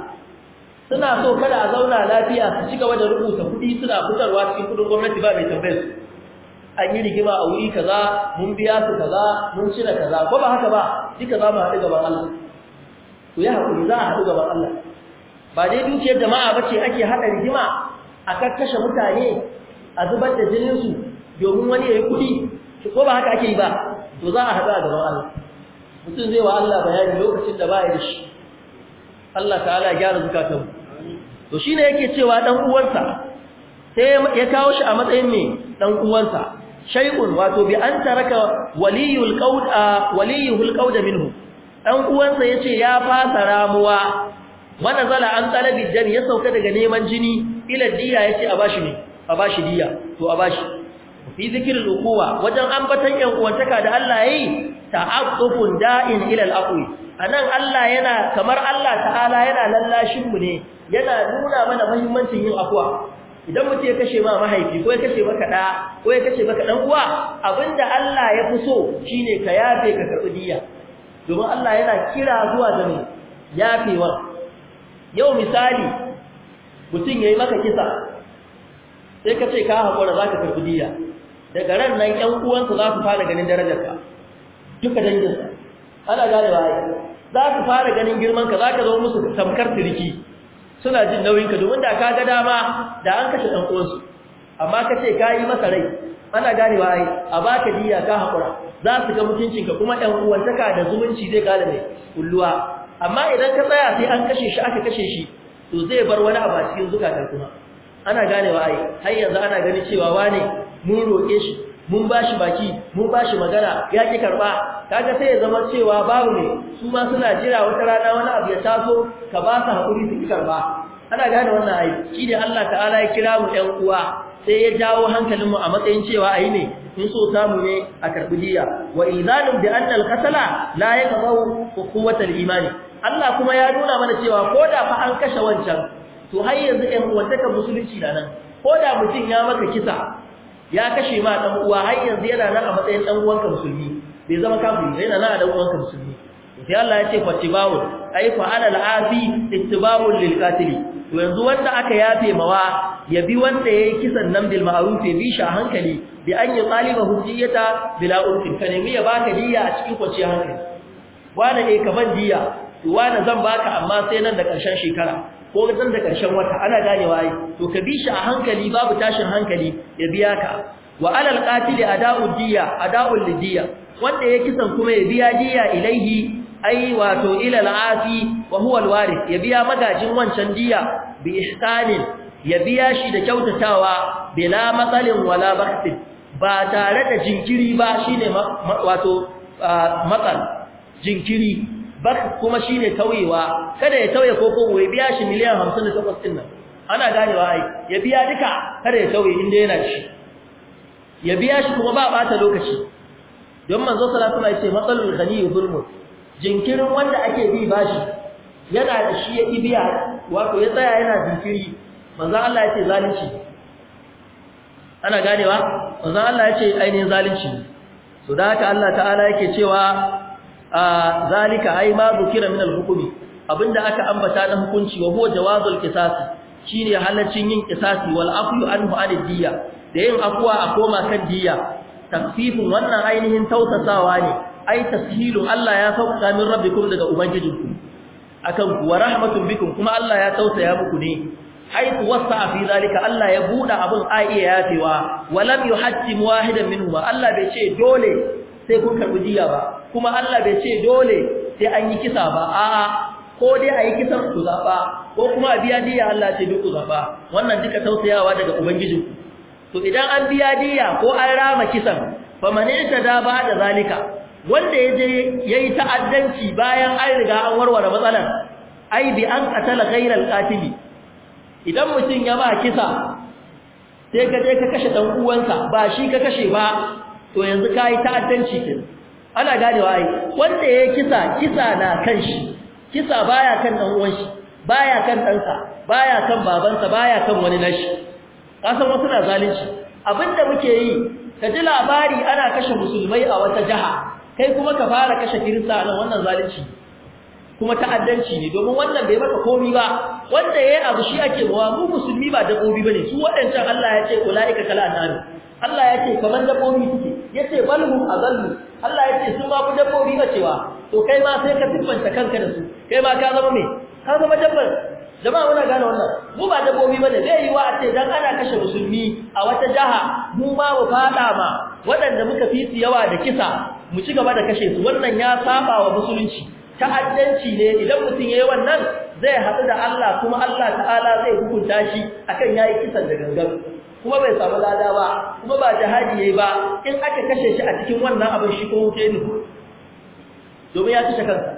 suna so kada a zauna lafiya su ci gaba da rubuta kuɗi suna fitarwa cikin kuɗin gwamnati ba mai tambayar su an yi rigima a wuri kaza mun biya su kaza mun cire kaza ko ba haka ba duka za mu haɗu gaban Allah ku yi haƙuri za a haɗu gaban Allah ba dai dukiyar jama'a ba ce ake haɗa rigima a kakkashe mutane a zubar da jininsu domin wani ya yi kuɗi ko ba haka ake yi ba to za a haɗu a gaban Allah mutum zai wa Allah bayani lokacin da baya da shi Allah ta'ala ya gyara zukatan to shine yake cewa dan sai ya kawo shi a matsayin me dan uwansa shay'un wato bi an taraka waliyul qaud waliyul qaud minhu dan uwansa yace ya fasa ramuwa mana an talabi jan ya sauka daga neman jini ila diya yace a bashi ne a bashi diya to a bashi fi zikirin ukuwa wajen ambatan yan uwantaka da Allah yayi ta'aqqufun da'in ila al-aqwi anan Allah yana kamar Allah ta'ala yana lallashin mu ne yana nuna mana muhimmancin yin afwa idan mutum ya kashe ma mahaifi ko ya kashe maka da ko ya kashe maka dan uwa abinda Allah ya fi so shine ka yafe ka karbi diya domin Allah yana kira zuwa ga mai yafewa yau misali mutum yayi maka kisa sai ka ce ka hakura zaka karbi diya daga ran nan ƴan uwansa za su fara ganin darajarka duka danginsa ana gane ba za su fara ganin ka. za ka zo musu tamkar turiki suna jin nauyin ka, domin da ka ga dama da an kashe ɗan uwansu amma ka ce ka yi masa rai ana gane ai a baka diya ka haƙura za su ga mutuncinka kuma ɗan uwantaka da zumunci zai gane mai kulluwa amma idan ka tsaya sai an kashe shi aka kashe shi to zai bar wani abu a cikin kuma ana wa ai har yanzu ana ganin cewa wane mun roƙe shi mun bashi baki mun bashi magana ya ki karba kaga sai ya zama cewa babu ne su ma suna jira wata rana wani abu ya taso ka ba su hakuri su ki karba ana gane wannan ai shi ne Allah ta'ala ya kira mu ɗan uwa sai ya jawo hankalinmu a matsayin cewa ayi ne in so samu ne a karbi diya wa izalum bi anna al-qatala la yaqawu quwwata al-iman Allah kuma ya nuna mana cewa koda fa an kashe wancan to har yanzu ɗan take musulunci da nan Ko da mutum ya maka kisa ya kashe ma dan uwa har yanzu yana nan a matsayin dan uwanka musulmi bai zama kafiri yana nan a dan uwanka musulmi sai Allah ya ce fatibawu ai fa ala al'afi ittibawul lil qatili to yanzu wanda aka yafe mawa ya bi wanda yayi kisan nan bil ma'ruf bi shi a hankali bi an yi taliba hujjiyata bila urfin ka nemi ya baka diya a cikin kwanciyar hankali wani ne eh, ka ban diya to zan baka amma sai nan da ƙarshen shekara ko zan da ƙarshen wata ana ganewa ai to ka bi shi a hankali babu tashin hankali ya biya ka wa alal qatili ada'u diya ada'u lidiya wanda ya kisan kuma ya biya diya ilaihi ai wato ila al'afi wa huwa alwarith ya biya magajin wancan diya bi ihsanin ya biya shi da kyautatawa bila matsalin wala baktin ba tare da jinkiri ba shine wato matsal jinkiri bak kuma shine tauyewa kada ya tauye koko ya biya shi miliyan 58 din nan ana ganewa ai ya biya duka kada ya tauye inda yana shi ya biya shi kuma ba bata lokaci don manzo sallallahu alaihi wasallam ya ce matsalul ghani zulmun jinkirin wanda ake bi bashi yana da shi ya biya wato ya tsaya yana jinkiri manzo Allah ya ce zalunci ana ganewa manzo Allah ya ce ainihin zalunci so da haka Allah ta'ala yake cewa zalika ai ma zukira min al-hukmi abinda aka ambata na hukunci wa huwa jawazul qisas shine halaccin yin qisasi wal afyu anhu an diyya da yin afwa a koma kan diyya Taksifin wannan ainihin tausasawa ne ai tashilun Allah ya sauka min rabbikum daga ubangijinku akan wa rahmatun bikum kuma Allah ya tausaya muku ne haitu wasa fi zalika Allah ya buɗe abun a'iya ya yafewa walam yuhajjim wahidan minhuma Allah bai ce dole sai kun karɓi jiya ba kuma Allah bai ce dole sai an yi kisa ba a'a ko dai a yi kisan ku zaɓa ko kuma a biya diya Allah ce duk ku zaɓa wannan duka tausayawa daga ubangijinku to idan an biya diya ko an rama kisan fa ta da ba da zalika wanda yaje yayi ta'addanci bayan an riga an warware matsalar ai bi an katala ghairal qatili idan mutum ya ba kisa sai ka je ka kashe dan uwansa ba shi ka kashe ba to yanzu ka yi ta'addanci kenan ana wa ai wanda ya kisa kisa na kan shi kisa baya kan dan uwan shi baya kan ɗansa baya kan babansa baya kan wani nashi kasan wasu na zalunci abinda muke yi ka ji labari ana kashe musulmai a wata jaha kai kuma ka fara kashe kirista nan wannan zalunci kuma ta'addanci ne domin wannan bai maka komi ba wanda yayi abu shi ake wa mu musulmi ba dabobi bane su waɗancan Allah ya ce ulaika kala annabi Allah ya ce kaman dabobi suke yace a adallu Allah yace sun ba ku dabbobi cewa, to kai ma sai ka siffanta kanka da su kai ma ka zama me ka zama dabbar jama'a muna gane wannan mu ba dabbobi bane zai yi wa a ce dan ana kashe musulmi a wata jaha mu ma mu fada ma waɗanda muka fi su yawa da kisa mu ci gaba da kashe su wannan ya saba wa musulunci ta'addanci ne idan mutum yayi wannan zai haɗu da Allah kuma Allah ta'ala zai hukunta shi akan yayi kisan da gangan kuma bai samu lada ba kuma ba jihadi yayi ba in aka kashe shi a cikin wannan abin shi ko wuce ne domin ya kashe kansa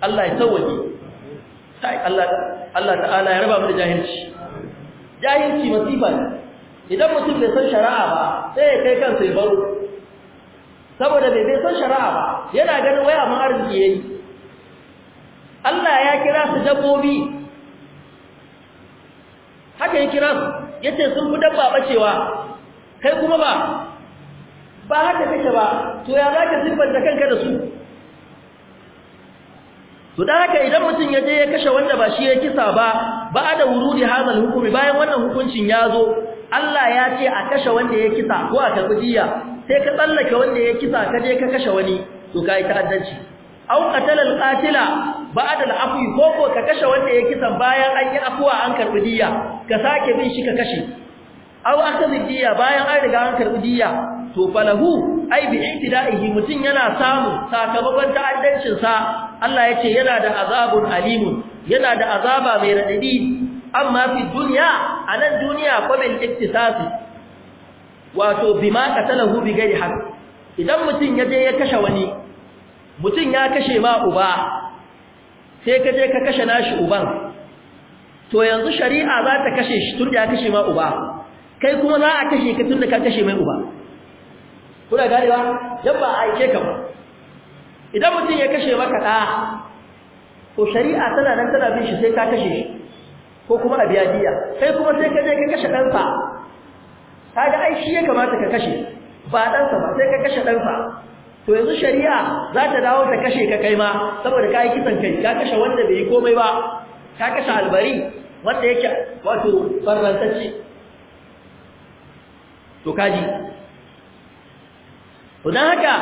Allah ya sauwaje sai Allah Allah ta'ala ya raba mu da jahilci jahilci masifa ne idan mutum bai san shari'a ba sai ya kai kansa ya baro saboda bai bai san shari'a ba yana ganin waya mun arziki yayi Allah ya kira su dabbobi haka ya kira su yace sun fi dabba bacewa kai kuma ba ba haka kake ba to ya zaka da kanka da su to da haka idan mutum ya je ya kashe wanda ba shi ya kisa ba ba da wurudi hazal hukumi bayan wannan hukuncin ya zo Allah ya ce a kashe wanda ya kisa ko a karbi sai ka tsallake wanda ya kisa ka je ka kashe wani to kai ta'addanci Auka qatala alqatila ba'da al'afwi ko ko ka kashe wanda ya kisan bayan an yi afwa an karbi diyya ka sake bin shi ka kashe au akhadhi diya bayan an riga an karbi diyya to falahu ai bi ihtida'ihi mutun yana samu sakamakon ta'addancin sa Allah yace yana da azabun alimun yana da azaba mai radadi amma fi dunya anan duniya ko bil iktisasi wato bima qatalahu bi ghairi haqq idan mutun yaje ya kashe wani mutum ya kashe ma uba sai ka je ka kashe nashi uban to yanzu shari'a za ta kashe shi tun ya kashe ma uba kai kuma za a kashe ka tun da ka kashe mai uba kuna ganewa yan ba a aike ka ba idan mutum ya kashe maka ɗa, to shari'a tana nan tana bin shi sai ka kashe shi ko kuma a biya diya kai kuma sai ka je ka kashe ɗansa kaga ai shi ya kamata ka kashe ba ɗansa ba sai ka kashe ɗansa to yanzu shari'a za ta dawo ta kashe ka kai ma saboda ka yi kisan kai ka kashe wanda bai yi komai ba ka kashe albari wanda yake wato farrantacce to kaji to dan haka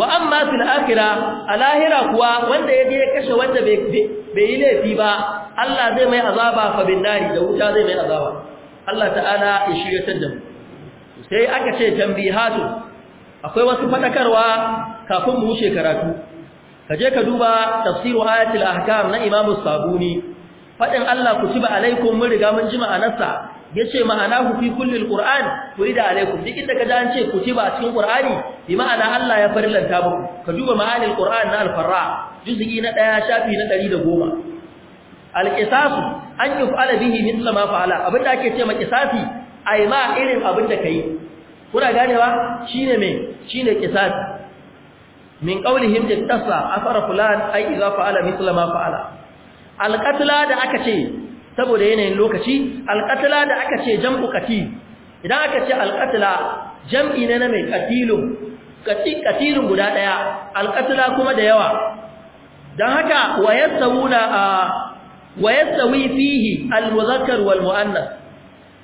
wa amma fil akhirah a lahira kuwa wanda ya je kashe wanda bai yi laifi ba Allah zai mai azaba fa bin nari da wuta zai mai azaba Allah ta'ala ya shiryatar da mu sai aka ce tambihatu akwai wasu fadakarwa kafin mu wuce karatu kaje ka duba tafsiru ayatul ahkam na imamu sabuni fadin Allah ku alaikum mun riga mun ji ma'anarsa yace ma'anahu fi kulli alquran turida alaikum duk inda kaje an ce ku tiba a cikin qur'ani bi ma'ana Allah ya farillanta muku ka duba ma'anil qur'an na al-farra juz'i na 1 shafi na 110 alƙisasu an yi fa'ala bihi mitla ma fa'ala abinda ake ce ma ƙisasi a yi ma irin abinda ka yi kuna ganewa shine me shine qisas min qawlihim ittasa afara fulan ay idza fa'ala mithla ma fa'ala alqatla da aka ce saboda yanayin lokaci alqatla da aka ce jam'u qatil idan aka ce alqatla jam'i ne na mai qatilun qati qatilun guda daya alqatla kuma da yawa dan haka wayasawuna wayasawi fihi almuzakkar walmuannas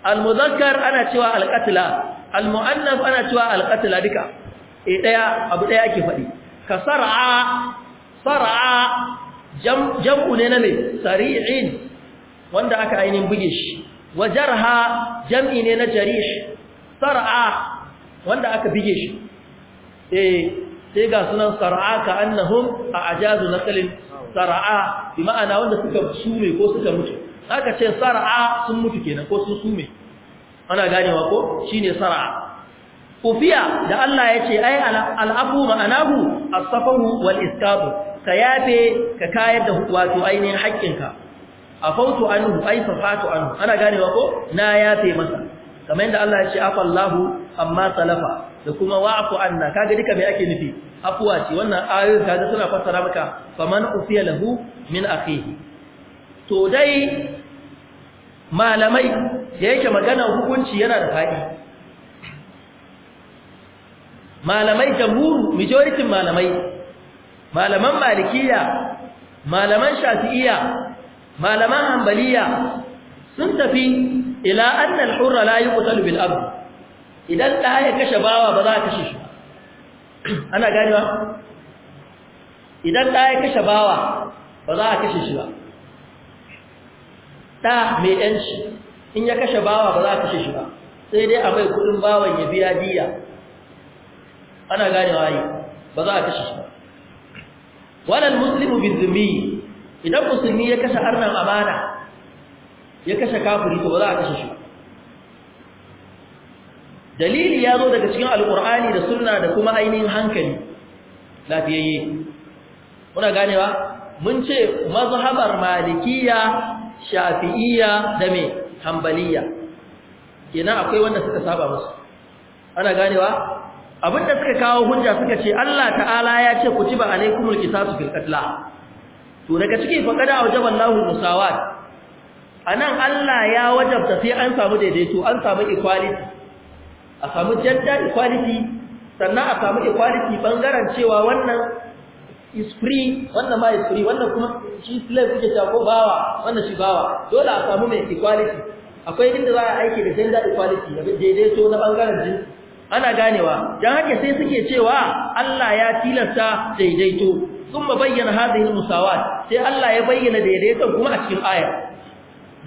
almuzakkar ana cewa alqatla al-mu'annaf ana cewa alqatla duka eh daya abu daya ake faɗi ka sar'a sar'a jam'u ne na me sari'in wanda aka ainihin buge shi wa jarha jam'i ne na jarih sar'a wanda aka buge shi eh sai ga sunan sar'a ka annahum a ajazu naqlin sar'a bi ma'ana wanda suka sume ko suka mutu aka ce sar'a sun mutu kenan ko sun sume ana ganewa ko shine sara kufiya da Allah ya ce ai al'afu ma'anahu as-safahu wal iskabu ka yafe ka kayar da wato ainihin haƙƙinka afautu anhu ai safatu anhu ana ganewa ko na yafe masa kamar yadda Allah ya ce afallahu amma salafa da kuma wa'fu anna kaga duka me ake nufi Afuwa ce wannan ayoyin kaga suna fassara maka faman ufiya lahu min akhihi to dai malamai da yake magana hukunci yana da faɗi malamai jamhuru majoritin malamai malaman malikiya malaman shafi'iya malaman hanbaliya sun tafi ila anna al-hurra la yuqtalu bil ard idan da ya kashe bawa ba za ka kashe shi ana ganewa idan da ya kashe bawa ba za a kashe shi ba da mai yanci in ya kashe bawa ba za a kashe shi ba sai dai a mai kudin bawan ya biya diya ana gane waye ba za a kashe shi ba walal muslimu zumi idan musulmi ya kashe arnan amana ya kashe kafiri to ba za a kashe shi dalili ya zo daga cikin alkur'ani da sunna da kuma ainihin hankali lafiyayye muna ganewa mun ce mazhabar malikiya shafi'iyya da me hambaliya kenan akwai wanda suka saba musu ana ganewa abinda suka kawo hujja suka ce Allah ta'ala ya ce ku ku alaikumul qisasu fil qatla to daga cikin faqada wajaballahu musawat anan Allah ya wajabta sai an samu daidaito an samu equality a samu gender equality sannan a samu equality bangaren cewa wannan is free wannan ma is free wannan kuma shi slave kuke cewa ko bawa wannan shi bawa dole a samu mai equality akwai inda za a aiki da gender equality da daidaito na bangaren jinsi ana ganewa dan haka sai suke cewa Allah ya tilasta daidaito ba bayyana hadhihi musawat sai Allah ya bayyana daidaiton kuma a cikin aya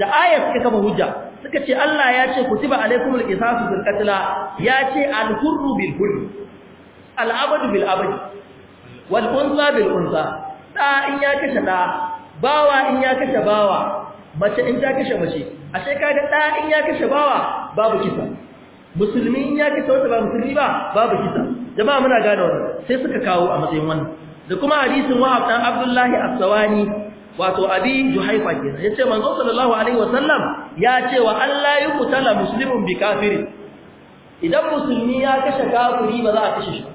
da aya suka kafa hujja suka ce Allah ya ce kutiba alaikumul qisasu bil qatla ya ce al hurru bil hurri al abadu bil abadi wal unza bil unza da in ya kashe da bawa in ya kashe bawa mace in ta kashe mace ashe ka ga da in ya kashe bawa babu kisa musulmi in ya kashe wata ba musulmi ba babu kisa jama'a muna gane wannan sai suka kawo a matsayin wannan da kuma hadisin wa'ab dan Abdullahi as-Sawani wato abi juhaifa kenan yace manzo sallallahu alaihi wasallam ya ce wa Allah yuqtala muslimun bi kafirin idan musulmi ya kashe kafiri ba za a kashe shi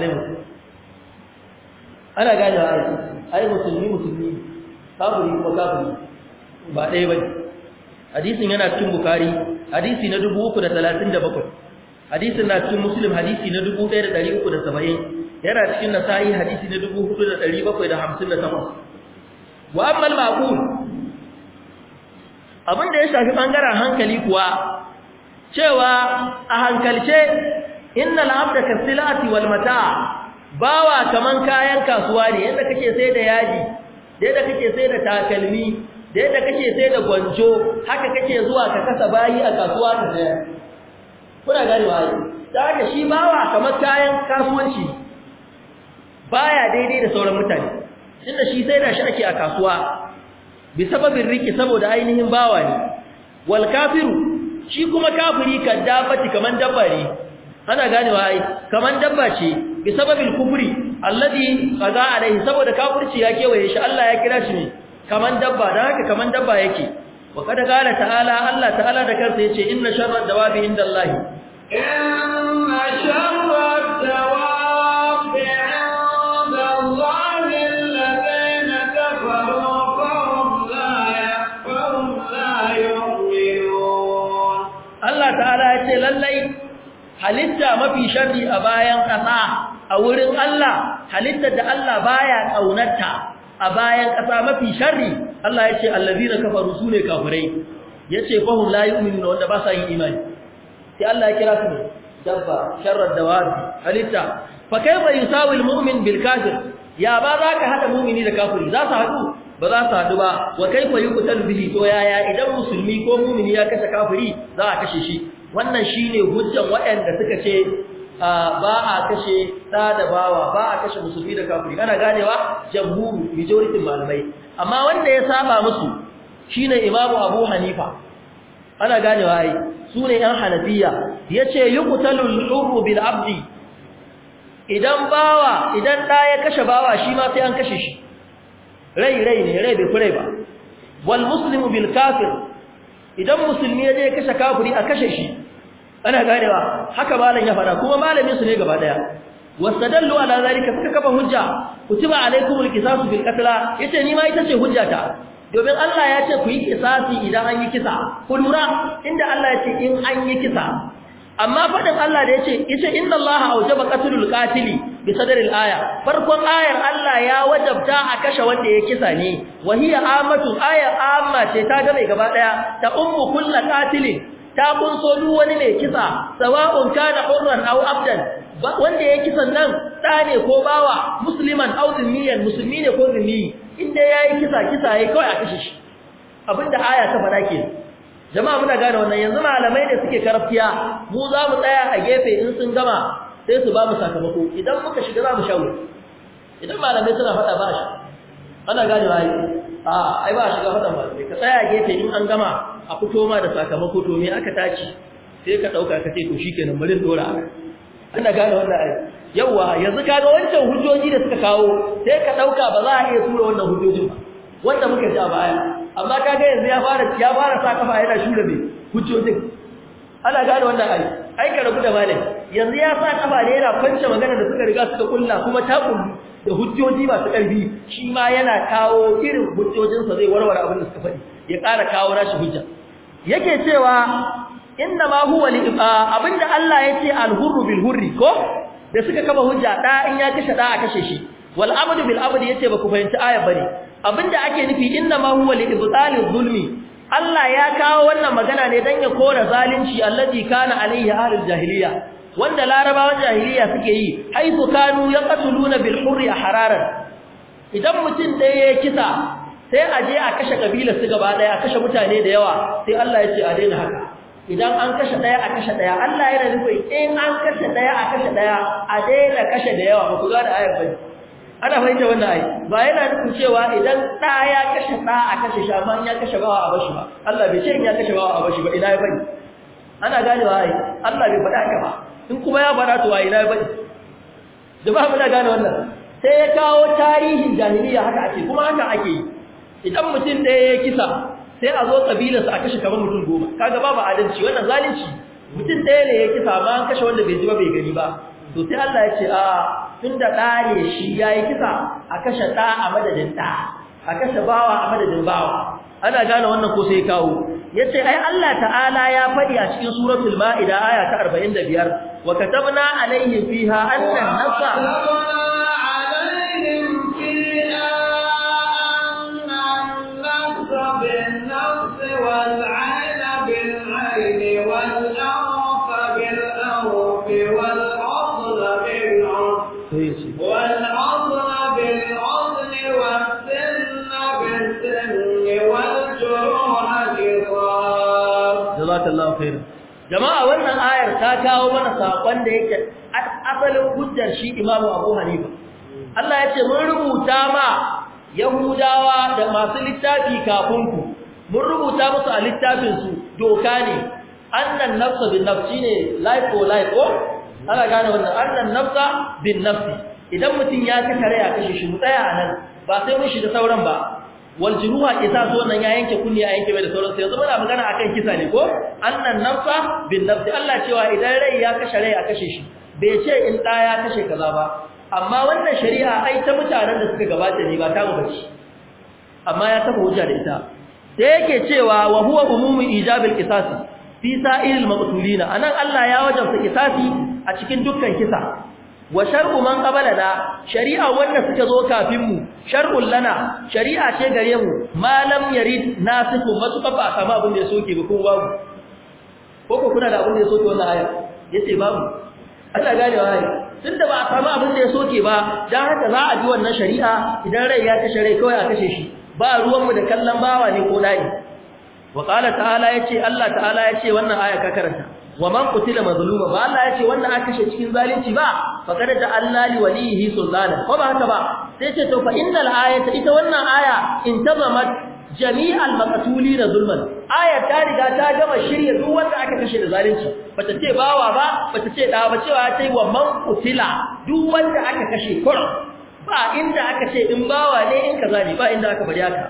ne ana gane wa aiki ai musulmi musulmi kafiri ko kafiri ba ɗaya ba hadisin yana cikin bukari hadisi na dubu uku da talatin da bakwai hadisin na cikin muslim hadisi na dubu ɗaya da ɗari uku da saba'in yana cikin nasa'i hadisi na dubu hudu da ɗari bakwai da hamsin da takwas wa ammal ma'qul abin da ya shafi bangaren hankali kuwa cewa a hankalce innal abda kasilati wal mata bawa kaman kayan kasuwa ne yadda kake sai da yaji da yadda kake sai da takalmi da yadda kake sai da gwanjo haka kake zuwa ka kasa bayi a kasuwa ka sayar kuna ganewa ai da haka shi bawa kamar kayan kasuwanci baya daidai da sauran mutane tunda shi sai da shi ake a kasuwa bi sababin riki saboda ainihin bawa ne wal kafiru shi kuma kafiri kan dabati kaman dabba ne ana ganewa ai kaman dabba ce bi sababil kufri alladhi qaza alaihi saboda kafirci ya kewaye shi Allah ya kira shi ne kaman dabba dan haka kaman dabba yake wa kada gala ta'ala Allah ta'ala da kansa yace inna sharra dawabi indallahi inna sharra dawabi halitta mafi sharri a bayan ƙasa a wurin Allah halitta da Allah baya kaunarta a bayan ƙasa mafi sharri Allah ya ce allazina kafaru sune kafirai yace fahum la yu'minuna wanda ba sa yin imani sai Allah ya kira su dabba sharrar dawabi halitta fa kaifa yusawi almu'min bil kafir ya ba za ka hada mu'mini da kafiri za su hadu ba za su hadu ba wa kaifa yuqtalu bihi to yaya idan musulmi ko mu'mini ya kashe kafiri za a kashe shi wannan shine hujjan waɗanda suka ce ba a kashe da da bawa ba a kashe musulmi da kafiri ana ganewa jamhuru majority malamai amma wanda ya saba musu shine imamu abu hanifa ana ganewa ai sune yan hanafiya yace yuqtalu al-hurru bil abdi idan bawa idan da ya kashe bawa shi ma sai an kashe shi rai rai ne rai bai kure ba wal muslimu bil kafir idan musulmi ya je kashe kafiri a kashe shi ana ganewa haka malam ya fada kuma malamin su ne gaba daya wasadallu ala zalika suka kafa hujja kutiba alaikumul qisasu bil qatl yace ni ma ita ce hujjata domin Allah ya ce ku yi qisasi idan an yi kisa ku lura inda Allah ya ce in an yi kisa amma fadin Allah da yace yace inna Allah awjaba qatlul qatili bi sadril aya farkon ayar Allah ya wajabta a kashe wanda ya kisa ne wahiya amatu aya amma ce ta ga mai gaba daya ta ummu kullu qatilin ta kunso duk wani mai kisa sawa'un kana hurran aw abdan wanda ya kisan nan tsane ko bawa musliman aw zimmiyan musulmi ne ko zimmi inda yayi kisa kisa yayi kawai a kashe shi abinda aya ta fada ke jama'a muna gane wannan yanzu malamai ne suke karfiya mu za mu tsaya a gefe in sun gama sai su ba mu sakamako idan muka shiga za mu shawo idan malamai suna fada ba shi ana gane wai a ai ba shiga fada ba ka tsaya a gefe in an gama a fito ma da sakamako to me aka tace sai ka dauka ka ce to shikenan bari dora aka ana gane wannan ayi yawa yanzu kaga wancan hujjoji da suka kawo sai ka dauka ba za a iya tura wannan hujjojin ba wanda muka ji a baya amma kaga yanzu ya fara ya fara sa kafa yana shura ne hujjojin ana gane wannan ayi ai ka rubuta da malai yanzu ya sa kafa ne yana kwance magana da suka riga suka kulla kuma ta kullu da hujjoji masu karfi shi ma yana kawo irin hujjojinsa zai warware abin da suka faɗi ya ƙara kawo nashi hujja yake cewa inna ma huwa li abinda Allah ya ce al-hurru bil hurri ko da suka kaba hujja da in ya kashe da a kashe shi wal abdu bil abdi yace ba ku fahimci ayar bane abinda ake nufi inna ma huwa li ibtali zulmi Allah ya kawo wannan magana ne dan ya kora zalunci allazi kana alaihi ahlul jahiliya wanda larabawan jahiliya suke yi haifu kanu yaqtuluna bil hurri hararan idan mutum ɗaya ya kisa sai a je a kashe kabilar su gaba daya a kashe mutane da yawa sai Allah ya ce a daina haka idan an kashe daya a kashe daya Allah yana nufin in an kashe daya a kashe daya a daina kashe da yawa ba ku ga da ayar bai ana fahimta wannan ayi ba yana nufin cewa idan da ya kashe da a kashe shi amma ya kashe bawa a bashi ba Allah bai ce in ya kashe bawa a bashi ba ina ya ana gane wa ai Allah bai faɗa ka ba in kuma ya faɗa to ai ina ya bani da ba mu da gane wannan sai ya kawo tarihin jahiliya haka ake kuma haka ake yi idan mutum ɗaya ya kisa sai a zo kabilarsa a kashe kamar mutum goma kaga babu adalci wannan zalunci mutum ɗaya ne ya kisa ma an kashe wanda bai ji ba bai gani ba to sai Allah ya ce a tunda ɗa ne shi ya yi kisa a kashe ɗa a madadin ɗa a kashe bawa a madadin bawa ana gane wannan ko sai kawo Ya ce ai Allah ta'ala ya faɗi a cikin suratul ma'ida aya ta 45 wa katabna alaihim fiha annan nasa ya kawo mana sakon da yake asalin hujjar shi Imam abu hanifa Allah ya ce mun rubuta ma yahudawa da masu littafi kafin ku mun rubuta musu a littafin su doka ne annan nafsa bin nafsi ne life for life oh ana gane wannan annan nafsa bin nafsi idan mutum ya ci kare ya kashe shi mu tsaya nan ba sai mun shiga sauran ba wal juruha qisas wannan ya yanke kulli ya yanke mai da sauransu yanzu muna magana akan kisa ne ko annan nafsa bin nafsi Allah cewa idan rai ya kashe rai a kashe shi bai ce in da ya kashe kaza ba amma wannan shari'a ai ta mutanen da suka gabata ne ba ta mu bace amma ya taba hujja da ita sai yake cewa wa huwa umumu ijabil qisas fi sa'il maqtulina anan Allah ya wajabta qisasi a cikin dukkan kisa wa shar'u man qabalana shari'a wanda suka zo kafin mu Sharhun lana shari'a ce gare mu malam yarid nasifu masu ba sama abin da ya soke ba kuma babu ko ko kuna da abin da ya soke wannan ayar yace babu Allah gane wa tun tunda ba a samu abin da ya soke ba dan haka za a bi wannan shari'a idan rai ya kashe rai kawai a kashe shi ba ruwan mu da kallon bawa ne ko dai wa qala ta'ala yace Allah ta'ala yace wannan aya ka karanta wa man qutila mazluma ba Allah yace wannan aka kashe cikin zalunci ba fa kada da Allah li walihi sultana ko ba haka ba sai ce to fa innal ayata ita wannan aya in tazamat jami'al maqtuli da zulman aya ta riga ta gama shirye duk wanda aka kashe da zalunci bata ce bawa ba bata ce da ba cewa tai wa man qutila duk wanda aka kashe kur ba inda aka ce in bawa ne in kaza ne ba inda aka bari haka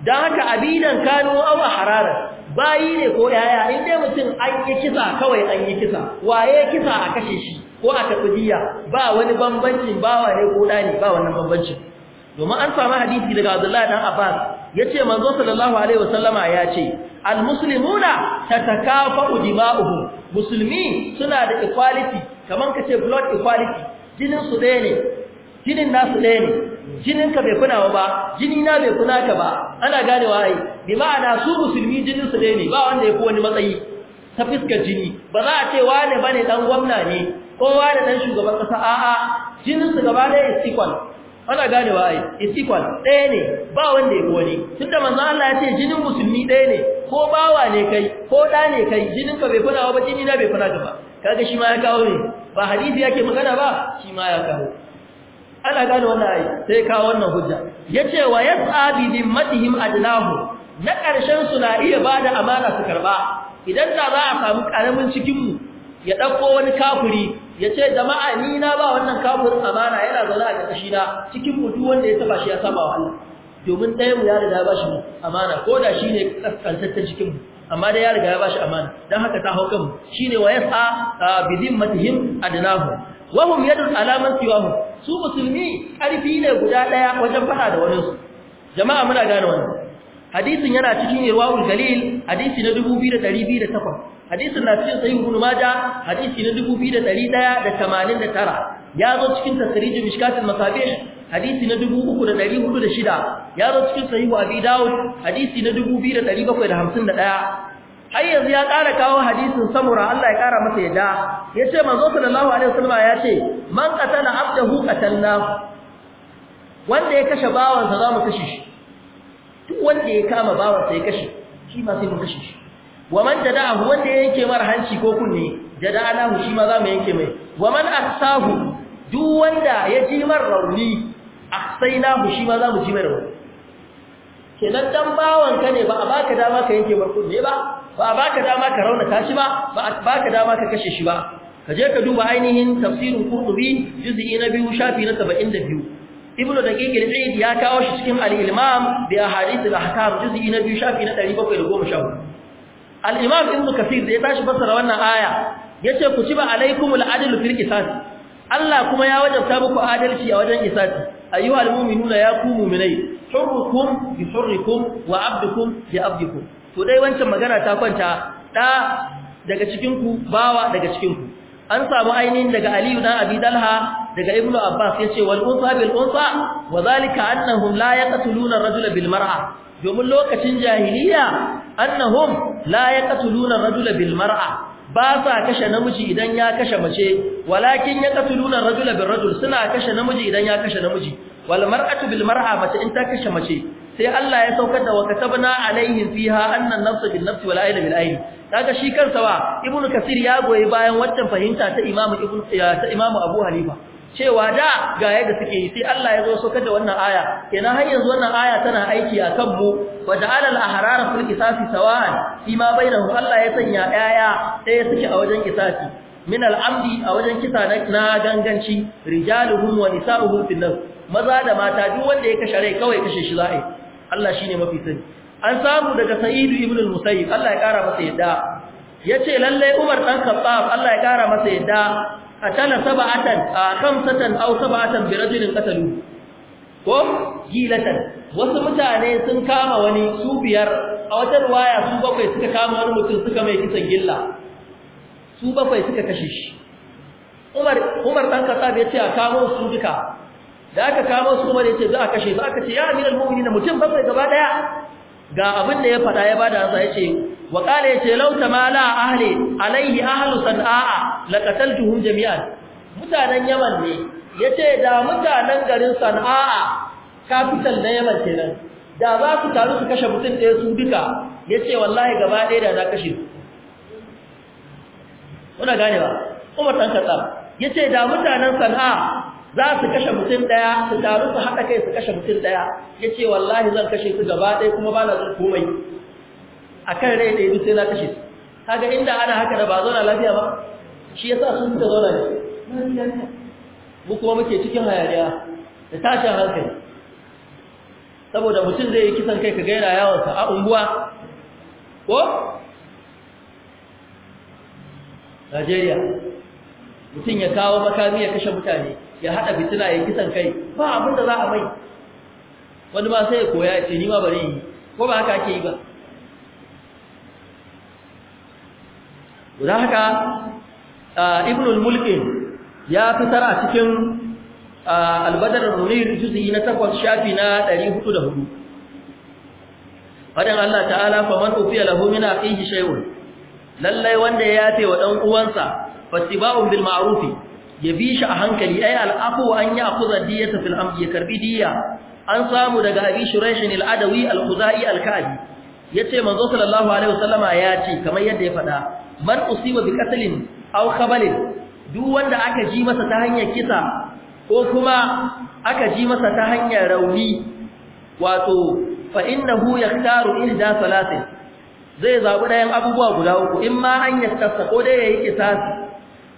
dan haka abidan kanu aw hararan bayi ne ko yaya in dai mutum an yi kisa kawai an yi kisa waye kisa a kashe shi ko a tafiya ba wani bambancin ba ne ko dani ba wannan bambancin domin an samu hadisi daga Abdullahi dan Abbas yace manzo sallallahu alaihi wasallama yace almuslimuna tatakafa'u ubu. musulmi suna da equality kaman kace blood equality jinin su ɗaya ne jinin nasu ɗaya ne jinin ka bai kunawa ba jini na bai kuna ka ba ana gane ai bi ma'ana su musulmi jinin su ɗaya ne ba wanda ya fi wani matsayi ta fiskar jini ba za a ce wane ba ne ɗan gwamna ne ko wane ɗan shugaban kasa a'a jinin su gaba ɗaya equal." ana gane waye "Is equal ɗaya ne ba wanda ya fi wani tunda manzo Allah ya ce jinin musulmi ɗaya ne ko bawa ne kai ko ɗa ne kai jinin ka bai kunawa ba jini na bai kuna ka ba kaga shi ma ya kawo ne ba hadisi yake magana ba shi ma ya kawo ana gane wannan ayi sai ka wannan hujja yace wa yas'abi bi dimmatihim adlahu na karshen su na iya bada amana su karba idan da za a samu karamin cikin mu ya dauko wani kafiri yace jama'a ni na ba wannan kafirin amana yana zaune a kashi na cikin mu duk wanda ya taba shi ya saba wa Allah domin dai mu ya riga ya bashi amana ko da shine kaskantaccen cikin mu amma dai ya riga ya bashi amana dan haka ta haukan shine wa yasa ah, bi zimmatihim adnahu wahum yadun alaman siwahum su musulmi karfi ne guda daya wajen faɗa da wani su jama'a muna gane wannan hadisin yana cikin irwaul galil hadisi na 2208 hadisin na cikin sahih ibn majah hadisi na 2189 ya zo cikin tasrij mishkatul masabih hadisi na 3406 ya zo cikin sahih abi daud hadisi na 2751 har yanzu ya ƙara kawo hadisin samura Allah ya ƙara masa ya yadda ya ce manzo sallallahu alaihi wasallam ya ce man qatala abdahu qatalnahu wanda ya kashe bawansa za mu kashe shi duk wanda ya kama bawansa ya kashe shi ma sai mu kashe shi wa man jada'ahu wanda ya yanke mara hanci ko kunne jada'anahu shi ma za mu yanke mai wa man aksahu duk wanda ya ji mar rauni aksainahu shi ma za mu ji mai rauni kenan dan bawan ka ne ba a baka dama ka yanke barkun ne ba ba a baka dama ka raunata shi ba ba a baka dama ka kashe shi ba ka je ka duba ainihin tafsirin qurtubi juz'i na biyu shafi na 72 ibnu daqiq al-aid ya kawo shi cikin al-ilmam bi ahadith al-ahkam juz'i na biyu shafi na 714 al-imam ibn kathir da ya tashi fassara wannan aya yace ku ci ba alaikumul adlu fil qisas Allah kuma ya wajabta muku adalci a wajen qisasi ayyuhal mu'minuna ya ku mu'minai hurrukum bi hurrikum wa abdukum bi abdikum to dai wancan magana ta kwanta ɗa daga cikinku, bawa daga cikinku. an samu ainihin daga Aliyu na Abi Dalha daga Ibn Abbas yace wal unsa bil unsa wa annahum la yaqtuluna ar-rajula bil mar'a domin lokacin jahiliya annahum la yaqtuluna ar-rajula bil mar'a ba sa kashe namiji idan ya kashe mace walakin yaqtuluna rajula birrajul suna kashe namiji idan ya kashe namiji wal mar'atu bil mar'a mace in ta kashe mace sai Allah ya saukar da wakatabna alaihim fiha anna an-nafsa bin nafsi wal ayna bil ayni kaga shi kansa wa ibnu kasir ya goyi bayan wannan fahimta ta imamu ibnu ta imamu abu hanifa cewa da ga yadda suke yi sai Allah ya zo soka da wannan aya kenan har yanzu wannan aya tana aiki akan mu wa ja'ala al-ahrara fil qisasi sawa'an fi ma bainahum Allah ya sanya daya daya suke a wajen qisasi min al-amdi a wajen kisa na ganganci rijaluhum wa nisa'uhum fil nas maza da mata duk wanda ya kashe rai kawai kashe shi za'i Allah shine mafi sani an samu daga Sa'id ibn al-Musayyib Allah ya kara masa yadda yace lalle Umar dan Khattab Allah ya kara masa yadda qatala sab'atan khamsatan aw sab'atan bi rajulin qatalu ko gilatan wasu mutane sun kama wani su biyar a wata waya su bakwai suka kama wani mutum suka mai kisan gilla su bakwai suka kashe shi Umar Umar dan Khattab ya ce a kamo su duka da aka kama su Umar ya ce za a kashe su aka ce ya amiral mu'minin mutum bakwai gaba daya ga abin da ya fada ya bada ansa ya ce wa qala yace law tamala ahli alaihi ahlu sanaa laqataltuhum jami'an mutanen yaman ne yace da mutanen garin sanaa capital na yaman kenan da za ku taru su kashe mutum ɗaya su duka yace wallahi gaba ɗaya da za kashe su kuna ganewa Umar dan Ya yace da mutanen sanaa za su kashe mutum daya su taru su haɗa kai su kashe mutum daya ya ce wallahi zan kashe su gaba ɗaya kuma ba na zan komai akan rai da yanzu sai na kashe su kaga inda ana haka da ba zauna lafiya ba shi yasa sun fita zauna ne mu kuma muke cikin hayaniya da tashin hankali saboda mutum zai yi kisan kai ka gaira yawansa a unguwa ko Najeriya mutum ya kawo makami ya kashe mutane ya hada fitina ya kisan kai ba abin da za a mai wani ma sai ya koya ya ce ni ma bari yi ko ba haka ake yi ba Guda haka ibnul mulkin ya fitar a cikin albadar munir juzi na takwas shafi na 404 fadan Allah ta'ala faman ufiya lahu min aqihi shay'un lallai wanda ya yafe wa dan uwansa fatiba'un bil ma'rufi ya bi shi a hankali ai al'afu an ya'khudha diyata fil amri ya karbi diya an samu daga abi shuraishin al-adawi al-khuzai al-kadi yace manzo sallallahu alaihi wasallama ya ce kamar yadda ya faɗa man usiba bi qatlin aw khabalin duk wanda aka ji masa ta hanyar kisa ko kuma aka ji masa ta hanyar rauni wato fa innahu yaktaru ihda salatin zai zabi dayan abubuwa guda uku in ma an yaktasa ko dai yayi kisasi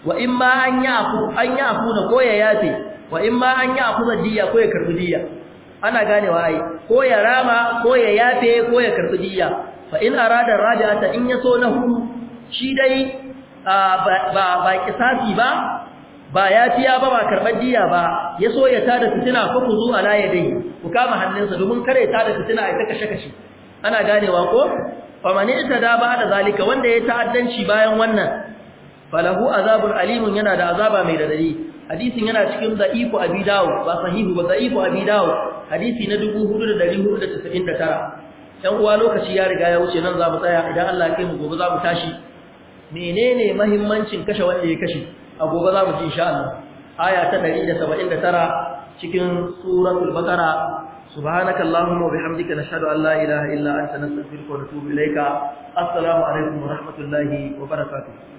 wa in ma an yafu an yafu na ko ya yafe wa in ma an yafu da jiya ko ya karbi jiya ana ganewa ai ko ya rama ko ya yafe ko ya karbi jiya fa in arada rabi'ata in yaso na shi dai ba kisasi ba ba yafiya ba ba karɓar diya ba ya so ya tada fitina ko ku zo ala ya dai ku kama hannunsa domin kare tada fitina ita kashe kashe ana ganewa ko famani ita da ba da zalika wanda ya ta'addanci bayan wannan falahu azabul alimun yana da azaba mai dadari hadisin yana cikin da'ifu abi dawo ba sahihu ba da'ifu abi dawo hadisi na 4499 yan uwa lokaci ya riga ya wuce nan za mu tsaya idan Allah ya kai mu gobe za mu tashi menene mahimmancin kashe wanda ya kashe a gobe za mu ji insha Allah aya ta 179 cikin suratul baqara subhanakallahumma wa bihamdika nashhadu an la ilaha illa anta nastaghfiruka wa natubu ilayka assalamu alaikum wa rahmatullahi wa barakatuh